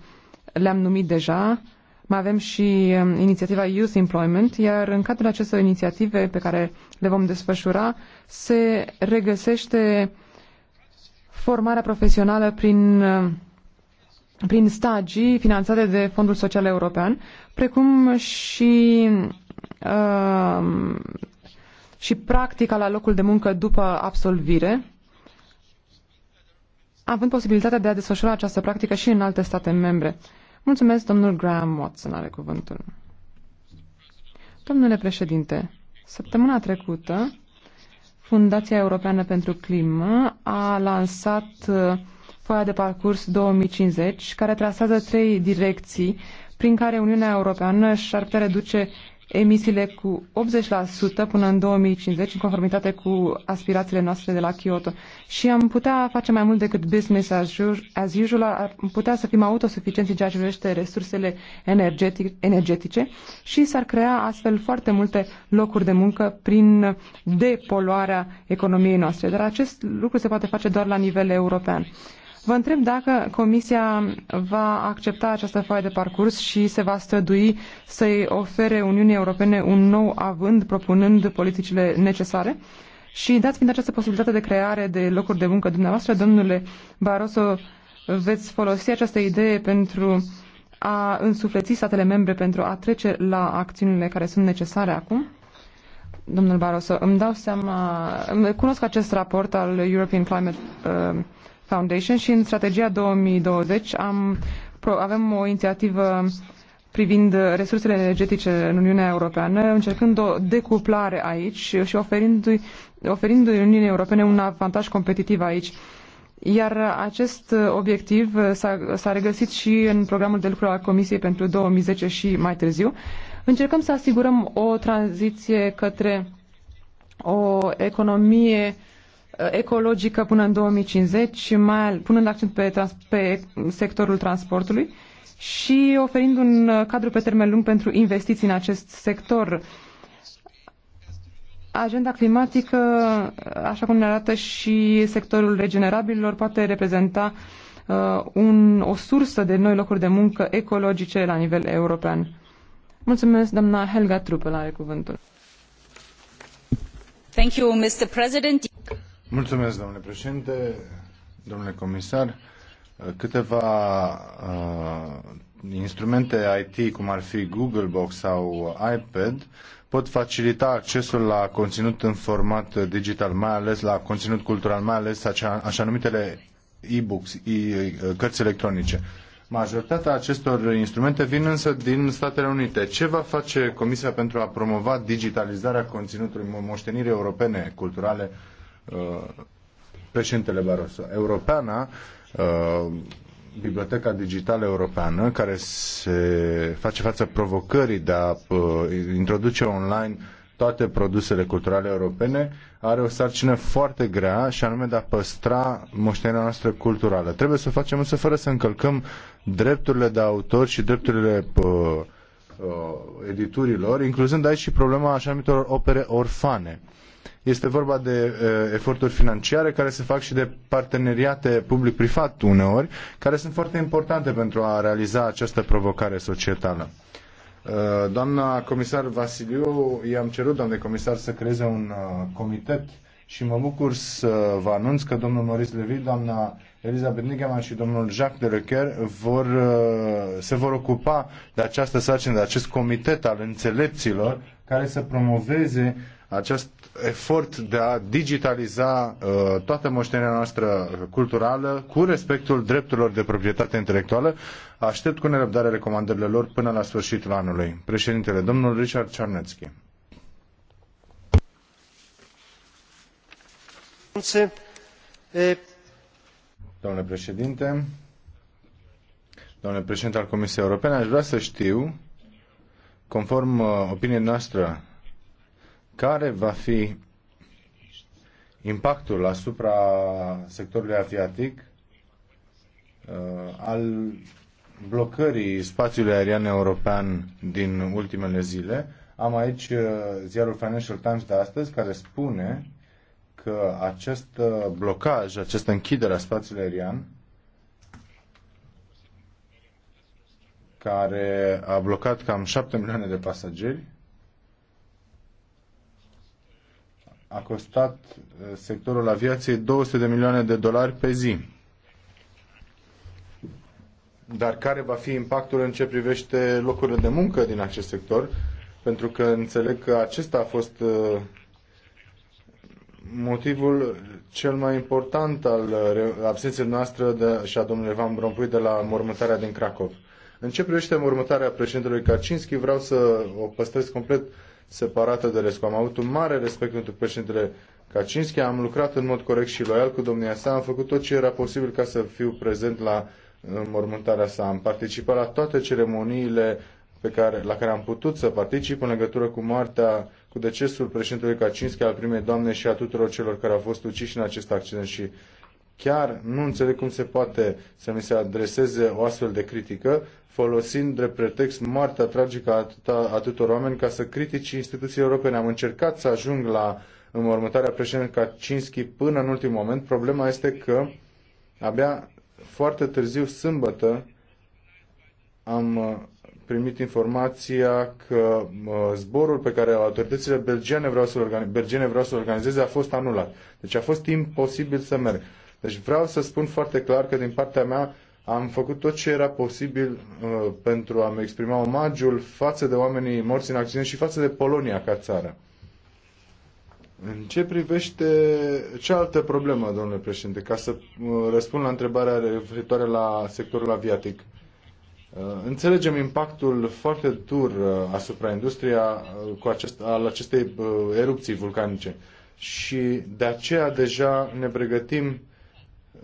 Speaker 3: le-am numit deja, mai avem și um, inițiativa Youth Employment, iar în cadrul acestor inițiative pe care le vom desfășura se regăsește formarea profesională prin, um, prin stagii finanțate de Fondul Social European, precum și, uh, și practica la locul de muncă după absolvire, având posibilitatea de a desfășura această practică și în alte state membre. Mulțumesc, domnul Graham Watson are cuvântul. Domnule președinte, săptămâna trecută, Fundația Europeană pentru Climă a lansat uh, foaia de parcurs 2050, care trasează trei direcții prin care Uniunea Europeană și-ar putea reduce emisiile cu 80% până în 2050, în conformitate cu aspirațiile noastre de la Kyoto. Și am putea face mai mult decât business as usual, am putea să fim autosuficienți în ceea ce privește resursele energetic, energetice și s-ar crea astfel foarte multe locuri de muncă prin depoluarea economiei noastre. Dar acest lucru se poate face doar la nivel european. Vă întreb dacă Comisia va accepta această foaie de parcurs și se va strădui să-i ofere Uniunii Europene un nou având, propunând politicile necesare. Și dați fiind această posibilitate de creare de locuri de muncă dumneavoastră, domnule Barroso, veți folosi această idee pentru a însufleți statele membre pentru a trece la acțiunile care sunt necesare acum? Domnul Barroso, îmi dau seama, cunosc acest raport al European Climate uh, Foundation și în strategia 2020 am, avem o inițiativă privind resursele energetice în Uniunea Europeană, încercând o decuplare aici și oferindu-i, oferindu-i Uniunii Europene un avantaj competitiv aici. Iar acest obiectiv s-a, regăsit și în programul de lucru al Comisiei pentru 2010 și mai târziu. Încercăm să asigurăm o tranziție către o economie uh, ecologică până în 2050, mai, punând accent pe, trans, pe sectorul transportului și oferind un uh, cadru pe termen lung pentru investiții în acest sector. Agenda climatică, uh, așa cum ne arată și sectorul regenerabililor, poate reprezenta uh, un, o sursă de noi locuri de muncă ecologice la nivel european. Mulțumesc, doamna Helga Trupel are cuvântul.
Speaker 2: Thank you, Mr. President.
Speaker 1: Mulțumesc, domnule președinte, domnule comisar. Câteva uh, instrumente IT, cum ar fi Google Box sau iPad, pot facilita accesul la conținut în format digital, mai ales la conținut cultural, mai ales acea, așa numitele e-books, e, uh, cărți electronice. Majoritatea acestor instrumente vin însă din Statele Unite. Ce va face Comisia pentru a promova digitalizarea conținutului moștenirii europene culturale Uh, președintele Barroso. Europeana, uh, Biblioteca Digitală Europeană, care se face față provocării de a uh, introduce online toate produsele culturale europene, are o sarcină foarte grea și anume de a păstra moștenirea noastră culturală. Trebuie să facem însă fără să încălcăm drepturile de autor și drepturile editurilor, incluzând aici și problema așa numitor opere orfane. Este vorba de eforturi financiare care se fac și de parteneriate public-privat uneori, care sunt foarte importante pentru a realiza această provocare societală. Doamna comisar Vasiliu, i-am cerut, doamne comisar, să creeze un comitet și mă bucur să vă anunț că domnul Maurice Levy, doamna Elizabeth Nigeman și domnul Jacques de Lecher vor, se vor ocupa de această sarcină, de acest comitet al înțelepților care să promoveze acest efort de a digitaliza uh, toată moștenirea noastră culturală cu respectul drepturilor de proprietate intelectuală. Aștept cu nerăbdare recomandările lor până la sfârșitul anului. Președintele, domnul Richard Czarnecki. Domnule președinte, domnule președinte al Comisiei Europene, aș vrea să știu, conform uh, opiniei noastre care va fi impactul asupra sectorului aviatic uh, al blocării spațiului aerian european din ultimele zile. Am aici uh, ziarul Financial Times de astăzi care spune că acest uh, blocaj, această închidere a spațiului aerian care a blocat cam 7 milioane de pasageri a costat uh, sectorul aviației 200 de milioane de dolari pe zi. Dar care va fi impactul în ce privește locurile de muncă din acest sector? Pentru că înțeleg că acesta a fost uh, motivul cel mai important al uh, absenței noastre de, și a domnului Van Rompuy de la mormântarea din Cracov. În ce privește mormântarea președintelui Kaczynski, vreau să o păstrez complet separată de Rescu. Am avut un mare respect pentru președintele Kaczynski, am lucrat în mod corect și loial cu domnia sa, am făcut tot ce era posibil ca să fiu prezent la mormântarea sa. Am participat la toate ceremoniile pe care, la care am putut să particip în legătură cu moartea, cu decesul președintelui Kaczynski al primei doamne și a tuturor celor care au fost uciși în acest accident și Chiar nu înțeleg cum se poate să mi se adreseze o astfel de critică, folosind drept pretext moartea tragică a atâta, atâtor oameni ca să critici instituțiile europene. Am încercat să ajung la înmormântarea președintelui Kaczynski până în ultimul moment. Problema este că abia foarte târziu, sâmbătă, am uh, primit informația că uh, zborul pe care autoritățile belgiene vreau să-l organizeze, vreau să organizeze a fost anulat. Deci a fost imposibil să merg. Deci vreau să spun foarte clar că din partea mea am făcut tot ce era posibil uh, pentru a-mi exprima omagiul față de oamenii morți în accident și față de Polonia ca țară. În ce privește cealaltă problemă, domnule președinte, ca să uh, răspund la întrebarea referitoare la sectorul aviatic. Uh, înțelegem impactul foarte dur uh, asupra industriei cu acest, al acestei erupții vulcanice și de aceea deja ne pregătim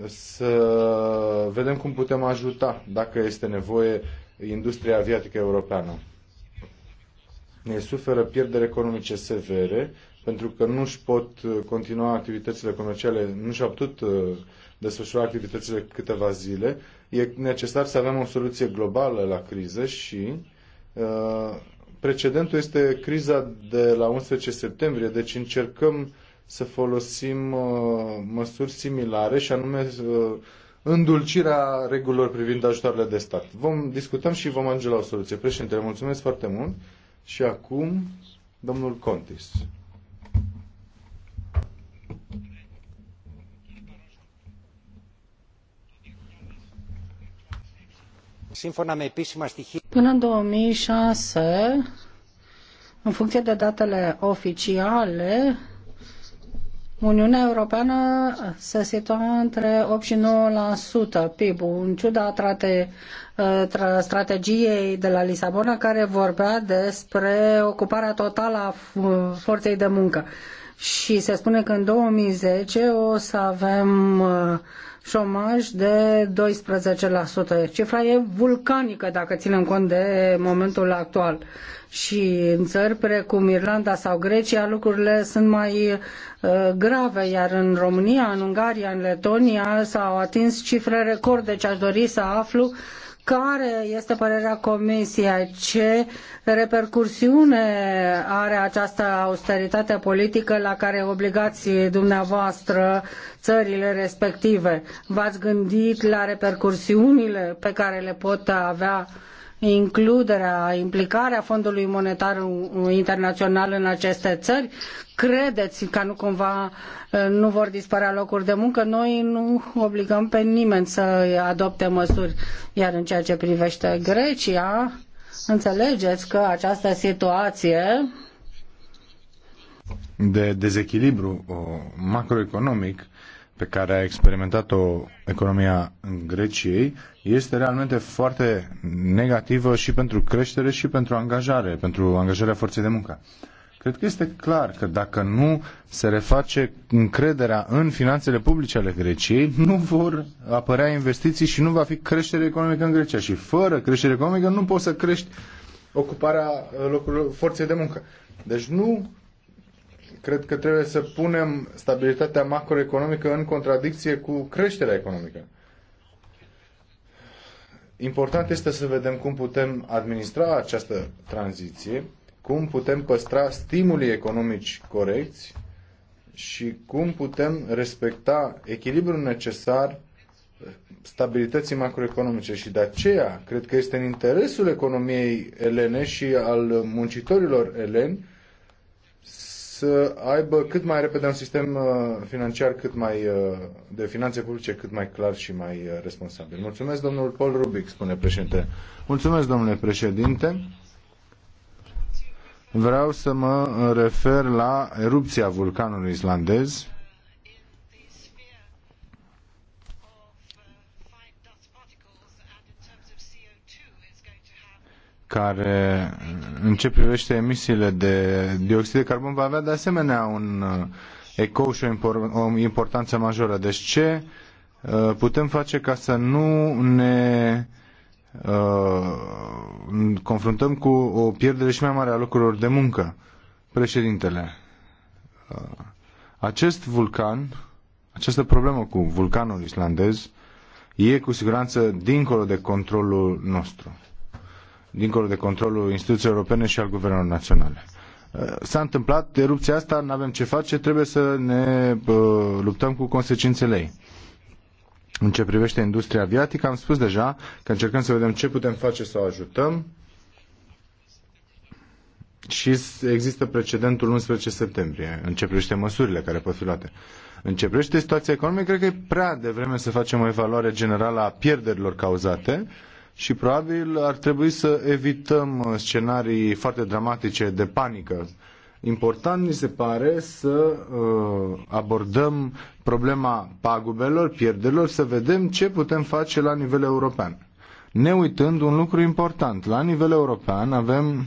Speaker 1: să vedem cum putem ajuta, dacă este nevoie, industria aviatică europeană. Ne suferă pierderi economice severe pentru că nu își pot continua activitățile comerciale, nu și-au putut uh, desfășura activitățile câteva zile. E necesar să avem o soluție globală la criză și uh, precedentul este criza de la 11 septembrie, deci încercăm să folosim uh, măsuri similare și anume uh, îndulcirea regulilor privind ajutoarele de stat. Vom discutăm și vom ajunge la o soluție. Președintele, mulțumesc foarte mult și acum domnul Contis.
Speaker 2: Până în 2006, în funcție de datele oficiale, Uniunea Europeană se situa între 8 și 9% PIB-ul, în ciuda trate, ă, tra, strategiei de la Lisabona care vorbea despre ocuparea totală a forței de muncă. Și se spune că în 2010 o să avem ă, șomaj de 12%. Cifra e vulcanică dacă ținem cont de momentul actual. Și în țări precum Irlanda sau Grecia lucrurile sunt mai uh, grave, iar în România, în Ungaria, în Letonia s-au atins cifre record, deci aș dori să aflu uh, care este părerea Comisiei? Ce repercursiune are această austeritate politică la care obligați dumneavoastră țările respective? V-ați gândit la repercursiunile pe care le pot avea includerea, implicarea Fondului Monetar Internațional în aceste țări? Credeți ca nu cumva nu vor dispărea locuri de muncă, noi nu obligăm pe nimeni să adopte măsuri. Iar în ceea ce privește Grecia, înțelegeți că această situație
Speaker 1: de dezechilibru macroeconomic pe care a experimentat-o economia Greciei este realmente foarte negativă și pentru creștere și pentru angajare, pentru angajarea forței de muncă. Cred că este clar că dacă nu se reface încrederea în finanțele publice ale Greciei, nu vor apărea investiții și nu va fi creștere economică în Grecia. Și fără creștere economică nu poți să crești ocuparea locurilor, forței de muncă. Deci nu cred că trebuie să punem stabilitatea macroeconomică în contradicție cu creșterea economică. Important este să vedem cum putem administra această tranziție cum putem păstra stimulii economici corecți și cum putem respecta echilibrul necesar eh, stabilității macroeconomice și de aceea cred că este în interesul economiei elene și al muncitorilor eleni să aibă cât mai repede un sistem eh, financiar cât mai eh, de finanțe publice cât mai clar și mai responsabil. Mulțumesc domnul Paul Rubic, spune președinte. Mulțumesc domnule președinte vreau să mă refer la erupția vulcanului islandez. care în ce privește emisiile de dioxid de carbon va avea de asemenea un uh, ecou și o importanță majoră. Deci ce uh, putem face ca să nu ne uh, confruntăm cu o pierdere și mai mare a locurilor de muncă. Președintele, uh, acest vulcan, această problemă cu vulcanul islandez, e cu siguranță dincolo de controlul nostru, dincolo de controlul instituțiilor europene și al guvernelor naționale. Uh, s-a întâmplat erupția asta, nu avem ce face, trebuie să ne uh, luptăm cu consecințele ei. În ce privește industria aviatică, am spus deja că încercăm să vedem ce putem face să o ajutăm și există precedentul 11 septembrie. În ce privește măsurile care pot fi luate. În ce privește situația economică, cred că e prea devreme să facem o evaluare generală a pierderilor cauzate și probabil ar trebui să evităm scenarii foarte dramatice de panică Important ni se pare să uh, abordăm problema pagubelor, pierderilor, să vedem ce putem face la nivel european. Ne uitând un lucru important, la nivel european avem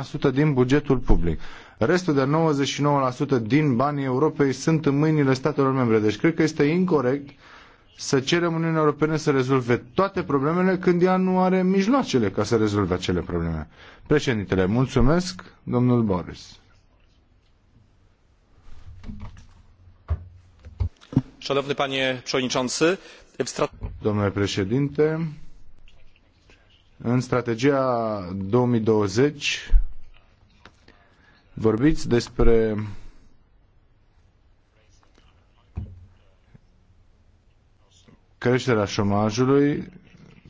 Speaker 1: 1% din bugetul public. Restul de 99% din banii Europei sunt în mâinile statelor membre. Deci cred că este incorrect să cerem Uniunea Europeană să rezolve toate problemele când ea nu are mijloacele ca să rezolve acele probleme. Președintele, mulțumesc, domnul Boris. Domnule președinte, în strategia 2020 vorbiți despre creșterea șomajului,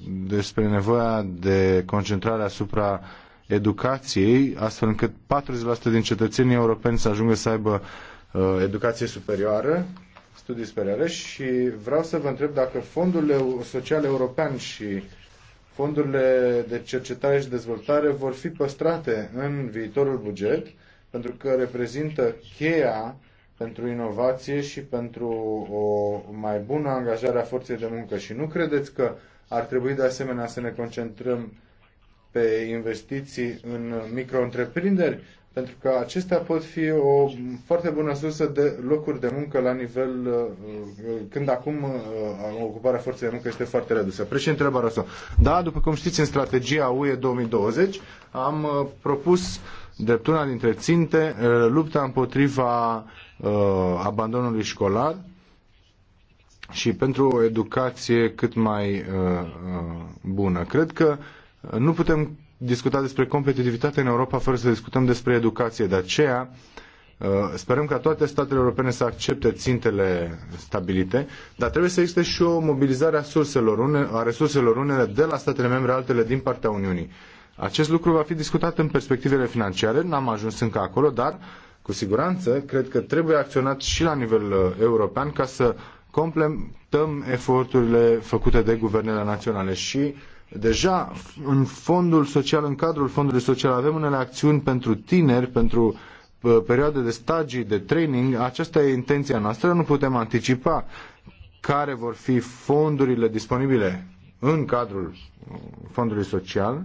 Speaker 1: despre nevoia de concentrare asupra educației, astfel încât 40% din cetățenii europeni să ajungă să aibă uh, educație superioară studii speriale și vreau să vă întreb dacă fondurile sociale European și fondurile de cercetare și dezvoltare vor fi păstrate în viitorul buget, pentru că reprezintă cheia pentru inovație și pentru o mai bună angajare a forței de muncă. Și nu credeți că ar trebui de asemenea să ne concentrăm pe investiții în micro-întreprinderi, pentru că acestea pot fi o foarte bună sursă de locuri de muncă la nivel, uh, uh, când acum uh, ocuparea forței de muncă este foarte redusă. întrebarea asta. da, după cum știți, în strategia UE 2020 am propus drept una dintre ținte lupta împotriva abandonului școlar și pentru o educație cât mai bună. Cred că nu putem discuta despre competitivitate în Europa fără să discutăm despre educație. De aceea, uh, Sperăm ca toate statele europene să accepte țintele stabilite, dar trebuie să existe și o mobilizare a, surselor, une, a resurselor unele de la statele membre, altele din partea Uniunii. Acest lucru va fi discutat în perspectivele financiare, n-am ajuns încă acolo, dar cu siguranță cred că trebuie acționat și la nivel uh, european ca să completăm eforturile făcute de guvernele naționale și uh, Deja în fondul social, în cadrul fondului social, avem unele acțiuni pentru tineri, pentru uh, perioade de stagii, de training. Aceasta e intenția noastră, nu putem anticipa care vor fi fondurile disponibile în cadrul uh, fondului social,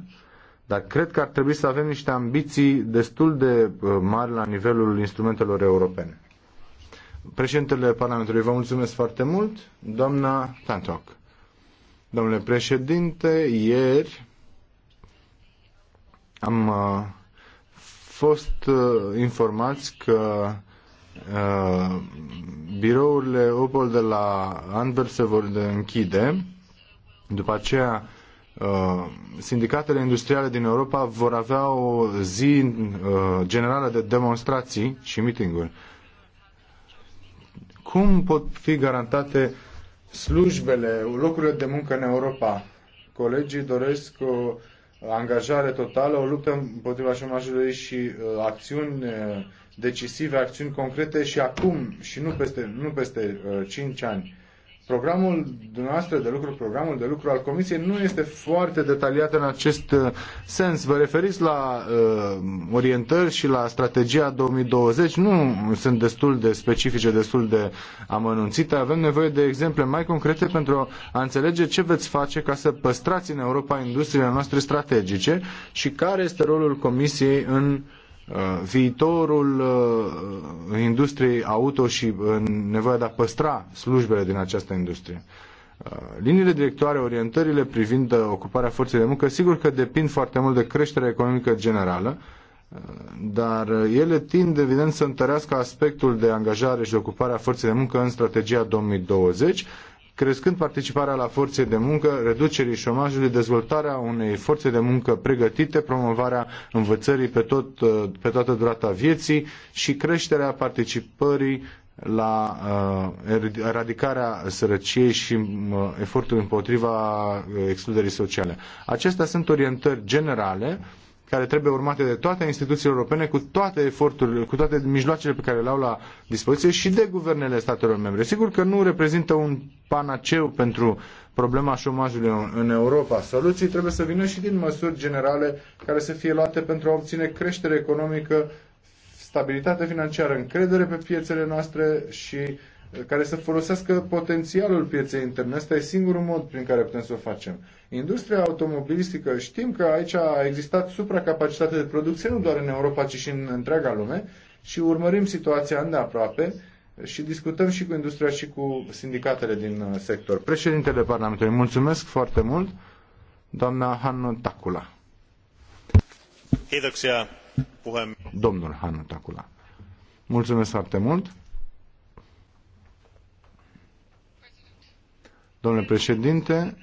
Speaker 1: dar cred că ar trebui să avem niște ambiții destul de uh, mari la nivelul instrumentelor europene. Președintele Parlamentului, vă mulțumesc foarte mult, doamna Tantoc. Domnule președinte, ieri am uh, fost uh, informați că uh, birourile Opel de la Anvers se vor închide. După aceea, sindicatele industriale din Europa vor avea o zi generală de demonstrații și mitinguri. Cum pot fi garantate slujbele, locurile de muncă în Europa. Colegii doresc o angajare totală, o luptă împotriva șomajului și uh, acțiuni uh, decisive, acțiuni concrete și acum și nu peste, nu peste uh, 5 ani programul dumneavoastră de lucru, programul de lucru al Comisiei nu este foarte detaliat în acest uh, sens. Vă referiți la uh, orientări și la strategia 2020, nu sunt destul de specifice, destul de amănunțite. Avem nevoie de exemple mai concrete pentru a înțelege ce veți face ca să păstrați în Europa industriile noastre strategice și care este rolul Comisiei în uh, Uh, viitorul uh, industriei auto și uh, nevoia de a păstra slujbele din această industrie. Liniile directoare, orientările privind ocuparea forței de muncă, sigur că depind foarte mult de creșterea economică generală, dar ele tind, evident, să întărească aspectul de angajare și de ocupare a forței de muncă în strategia 2020 crescând participarea la forțe de muncă, reducerii șomajului, dezvoltarea unei forțe de muncă pregătite, promovarea învățării pe, tot, pe toată durata vieții și creșterea participării la uh, eradicarea sărăciei și uh, efortul împotriva uh, excluderii sociale. Acestea sunt orientări generale uh, care trebuie urmate de toate instituțiile europene cu toate eforturile, cu toate mijloacele pe care le au la dispoziție și de guvernele statelor membre. Sigur că nu reprezintă un panaceu pentru problema șomajului în Europa. Soluții trebuie să vină și din măsuri generale care să fie luate pentru a obține creștere economică, stabilitate financiară, încredere pe piețele noastre și care să folosească potențialul pieței interne. Asta e singurul mod prin care putem să o facem. Industria automobilistică, știm că aici a existat supracapacitate de producție, nu doar în Europa, ci și în întreaga lume și urmărim situația îndeaproape și discutăm și cu industria și cu sindicatele din uh, sector. Președintele Parlamentului, mulțumesc foarte mult, doamna Hannu Takula. Domnul Hannu Takula. Mulțumesc foarte mult. Domnule președinte,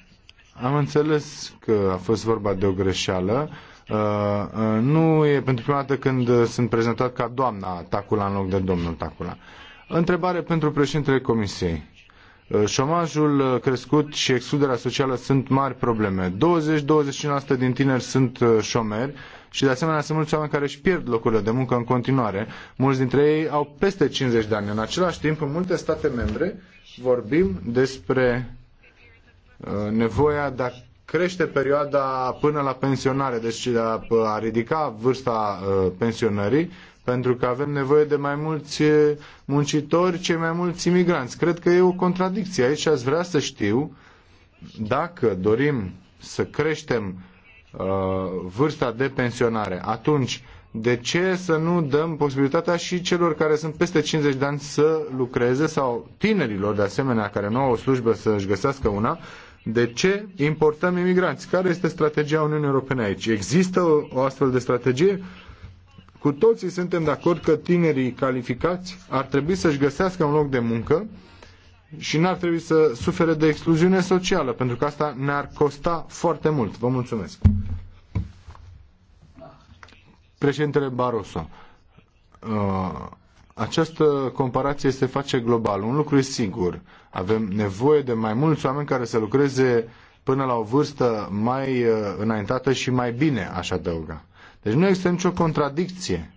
Speaker 1: am înțeles că a fost vorba de o greșeală. Uh, uh, nu e pentru prima dată când sunt prezentat ca doamna Tacula în loc de domnul Tacula. Întrebare pentru președintele Comisiei. Uh, șomajul uh, crescut și excluderea socială sunt mari probleme. 20-25% din tineri sunt uh, șomeri și de asemenea sunt mulți oameni care își pierd locurile de muncă în continuare. Mulți dintre ei au peste 50 de ani. În același timp, în multe state membre vorbim despre Uh, nevoia de a crește perioada până la pensionare, deci de a, uh, a ridica vârsta uh, pensionării, pentru că avem nevoie de mai mulți muncitori, cei mai mulți imigranți. Cred că e o contradicție. Aici aș vrea să știu dacă dorim să creștem uh, vârsta de pensionare, atunci de ce să nu dăm posibilitatea și celor care sunt peste 50 de ani să lucreze sau tinerilor de asemenea care nu au o slujbă să-și găsească una de ce importăm imigranți? Care este strategia Uniunii Europene aici? Există o astfel de strategie? Cu toții suntem de acord că tinerii calificați ar trebui să-și găsească un loc de muncă și n-ar trebui să sufere de excluziune socială, pentru că asta ne-ar costa foarte mult. Vă mulțumesc. Președintele Barroso, uh, această comparație se face global. Un lucru e sigur. Avem nevoie de mai mulți oameni care să lucreze până la o vârstă mai uh, înaintată și mai bine, aș adăuga. Deci nu există nicio contradicție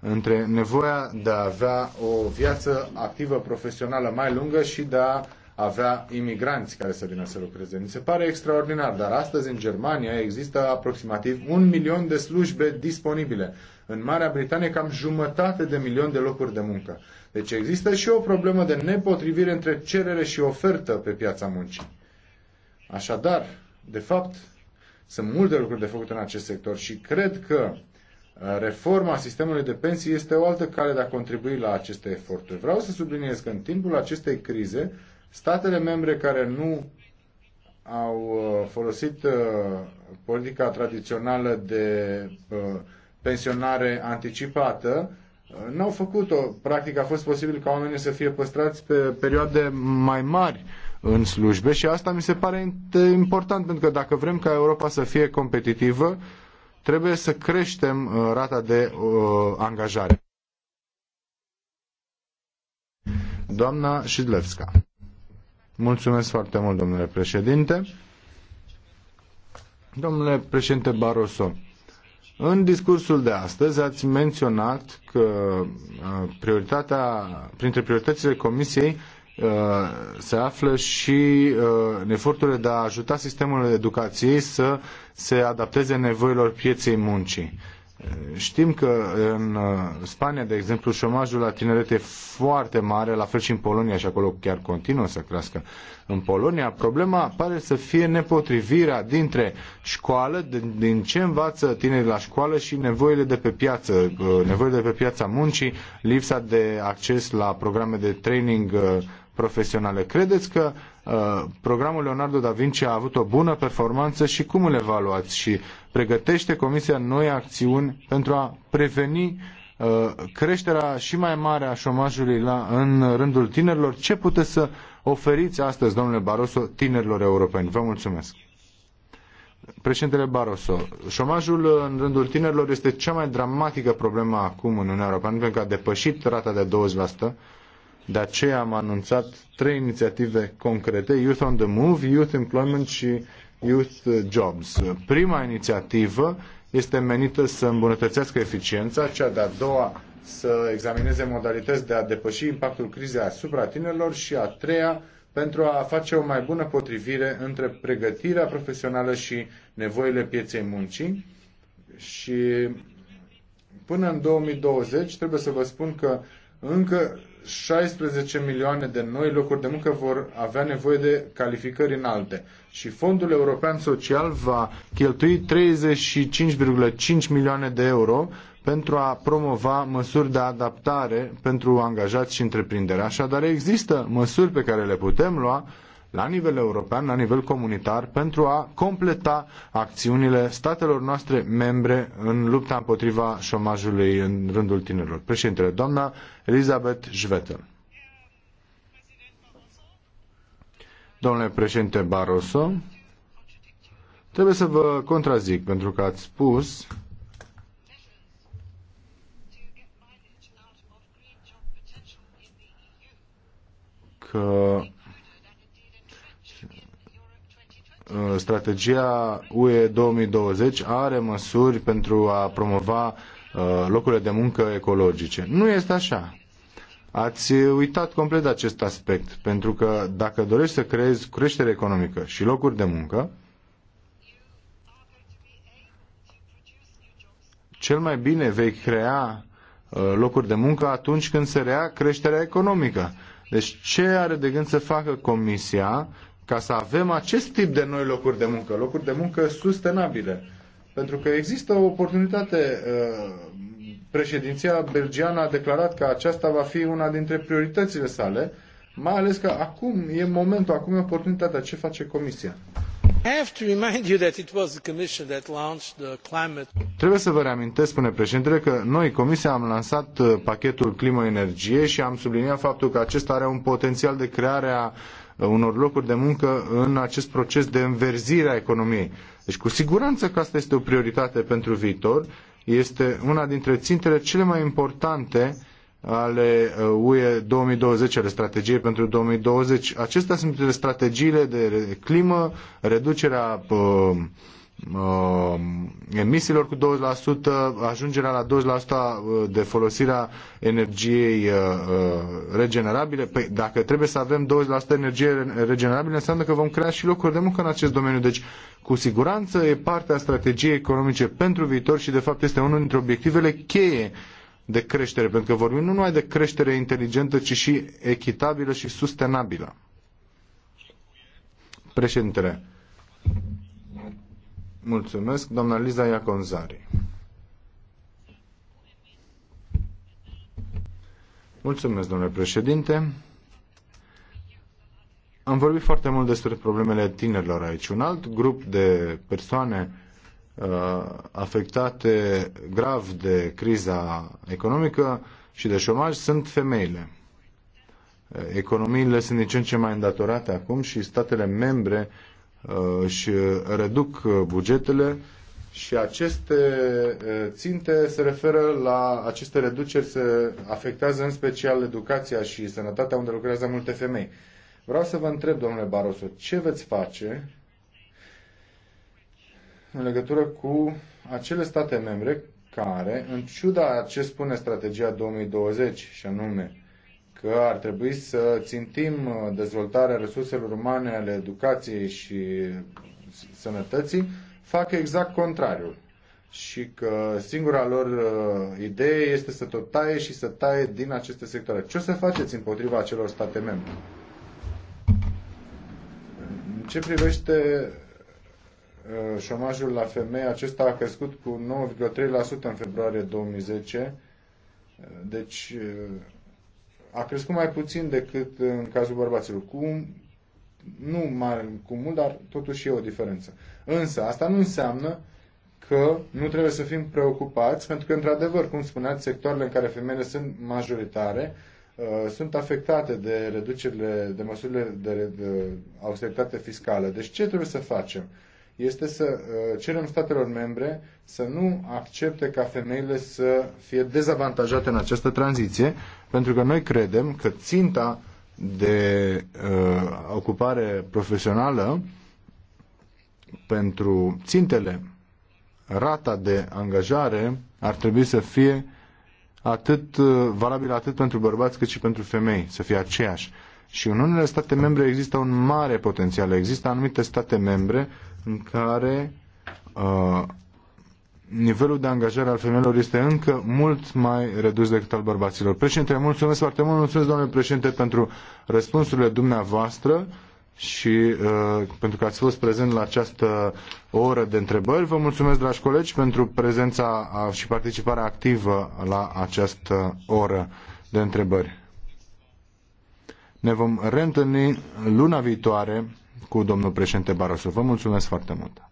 Speaker 1: între nevoia de a avea o viață activă profesională mai lungă și de a avea imigranți care să vină să lucreze. Mi se pare extraordinar, dar astăzi în Germania există aproximativ un milion de slujbe disponibile. În Marea Britanie cam jumătate de milion de locuri de muncă. Deci există și o problemă de nepotrivire între cerere și ofertă pe piața muncii. Așadar, de fapt, sunt multe lucruri de făcut în acest sector și cred că uh, reforma sistemului de pensii este o altă cale de a contribui la aceste eforturi. Vreau să subliniez că în timpul acestei crize, Statele membre care nu au uh, folosit uh, politica tradițională de uh, pensionare anticipată n-au făcut-o. Practic a fost posibil ca oamenii să fie păstrați pe perioade mai mari în slujbe și asta mi se pare important pentru că dacă vrem ca Europa să fie competitivă, trebuie să creștem rata de uh, angajare. Doamna Șidlevska. Mulțumesc foarte mult, domnule președinte. Domnule președinte Barroso, în discursul de astăzi ați menționat că uh, prioritatea, printre prioritățile Comisiei uh, se află și uh, eforturile de a ajuta sistemul educației să se adapteze nevoilor pieței muncii. Știm că în uh, Spania, de exemplu, șomajul la tineret e foarte mare, la fel și în Polonia și acolo chiar continuă să crească. În Polonia problema pare să fie nepotrivirea dintre școală, din ce învață tinerii la școală și nevoile de pe piață, uh, nevoile de pe piața muncii, lipsa de acces la programe de training uh, profesionale. Credeți că uh, programul Leonardo da Vinci a avut o bună performanță și cum îl evaluați? Și pregătește Comisia noi acțiuni pentru a preveni uh, creșterea și mai mare a șomajului la, în rândul tinerilor? Ce puteți să oferiți astăzi, domnule Barroso, tinerilor europeni? Vă mulțumesc! Președintele Barroso, șomajul în rândul tinerilor este cea mai dramatică problemă acum în Uniunea Europeană, pentru că a depășit rata de 20%, de aceea am anunțat trei inițiative concrete, Youth on the Move, Youth Employment și Youth Jobs. Prima inițiativă este menită să îmbunătățească eficiența, cea de-a doua să examineze modalități de a depăși impactul crizei asupra tinerilor și a treia pentru a face o mai bună potrivire între pregătirea profesională și nevoile pieței muncii. Și până în 2020 trebuie să vă spun că încă 16 milioane de noi locuri de muncă vor avea nevoie de calificări înalte și Fondul European Social va cheltui 35,5 milioane de euro pentru a promova măsuri de adaptare pentru angajați și întreprindere. Așadar, există măsuri pe care le putem lua la nivel european, la nivel comunitar, pentru a completa acțiunile statelor noastre membre în lupta împotriva șomajului în rândul tinerilor. Președintele, doamna Elizabeth Jvetel. Domnule președinte Barroso, trebuie să vă contrazic pentru că ați spus că Uh, strategia UE 2020 are măsuri pentru a promova uh, locurile de muncă ecologice. Nu este așa. Ați uitat complet acest aspect, pentru că dacă dorești să creezi creștere economică și locuri de muncă, cel mai bine vei crea uh, locuri de muncă atunci când se rea creșterea economică. Deci ce are de gând să facă Comisia ca să avem acest tip de noi locuri de muncă, locuri de muncă sustenabile. Pentru că există o oportunitate. Uh, președinția belgiană a declarat că aceasta va fi una dintre prioritățile sale, mai ales că acum e momentul, acum e oportunitatea. Ce face Comisia? Trebuie să vă reamintesc, spune președintele, că noi, Comisia, am lansat uh, pachetul climă-energie și am subliniat faptul că acesta are un potențial de creare a unor locuri de muncă în acest proces de înverzire a economiei. Deci cu siguranță că asta este o prioritate pentru viitor, este una dintre țintele cele mai importante ale uh, UE 2020, ale strategiei pentru 2020. Acestea sunt strategiile de climă, reducerea uh, Um, emisiilor cu 20%, ajungerea la 20% uh, de folosirea energiei uh, uh, regenerabile. Păi dacă trebuie să avem 20% energie regenerabilă, înseamnă că vom crea și locuri de muncă în acest domeniu. Deci, cu siguranță, e partea strategiei economice pentru viitor și, de fapt, este unul dintre obiectivele cheie de creștere, pentru că vorbim nu numai de creștere inteligentă, ci și echitabilă și sustenabilă. Președintele, Mulțumesc, doamna Liza Iaconzari. Mulțumesc, domnule președinte. Am vorbit foarte mult despre problemele tinerilor aici. Un alt grup de persoane uh, afectate grav de criza economică și de șomaj sunt femeile. Economiile sunt din ce în ce mai îndatorate acum și statele membre Uh, își reduc uh, bugetele și aceste uh, ținte se referă la aceste reduceri se afectează în special educația și sănătatea unde lucrează multe femei. Vreau să vă întreb, domnule Barroso, ce veți face în legătură cu acele state membre care, în ciuda a ce spune strategia 2020 și anume că ar trebui să țintim uh, dezvoltarea resurselor umane ale educației și sănătății, fac exact contrariul. Și că singura lor uh, idee este să tot taie și să taie din aceste sectoare. Ce o să faceți împotriva acelor state membre? În ce privește uh, șomajul la femei, acesta a crescut cu 9,3% în februarie 2010. Deci, a crescut mai puțin decât în cazul bărbaților. Cu, nu mare, cu mult, dar totuși e o diferență. Însă, asta nu înseamnă că nu trebuie să fim preocupați, pentru că, într-adevăr, cum spuneați, sectoarele în care femeile sunt majoritare uh, sunt afectate de reducerile, de măsurile de, de austeritate fiscală. Deci ce trebuie să facem? Este să uh, cerem statelor membre să nu accepte ca femeile să fie dezavantajate în această tranziție pentru că noi credem că ținta de uh, ocupare profesională pentru țintele, rata de angajare ar trebui să fie atât uh, valabilă atât pentru bărbați cât și pentru femei, să fie aceeași. Și în unele state membre există un mare potențial. Există anumite state membre în care uh, nivelul de angajare al femeilor este încă mult mai redus decât al bărbaților. Președinte, mulțumesc foarte mult, mulțumesc domnule președinte pentru răspunsurile dumneavoastră și uh, pentru că ați fost prezent la această oră de întrebări. Vă mulțumesc, dragi colegi, pentru prezența și participarea activă la această oră de întrebări. Ne vom reîntâlni luna viitoare cu domnul președinte Barosu. Vă mulțumesc foarte mult!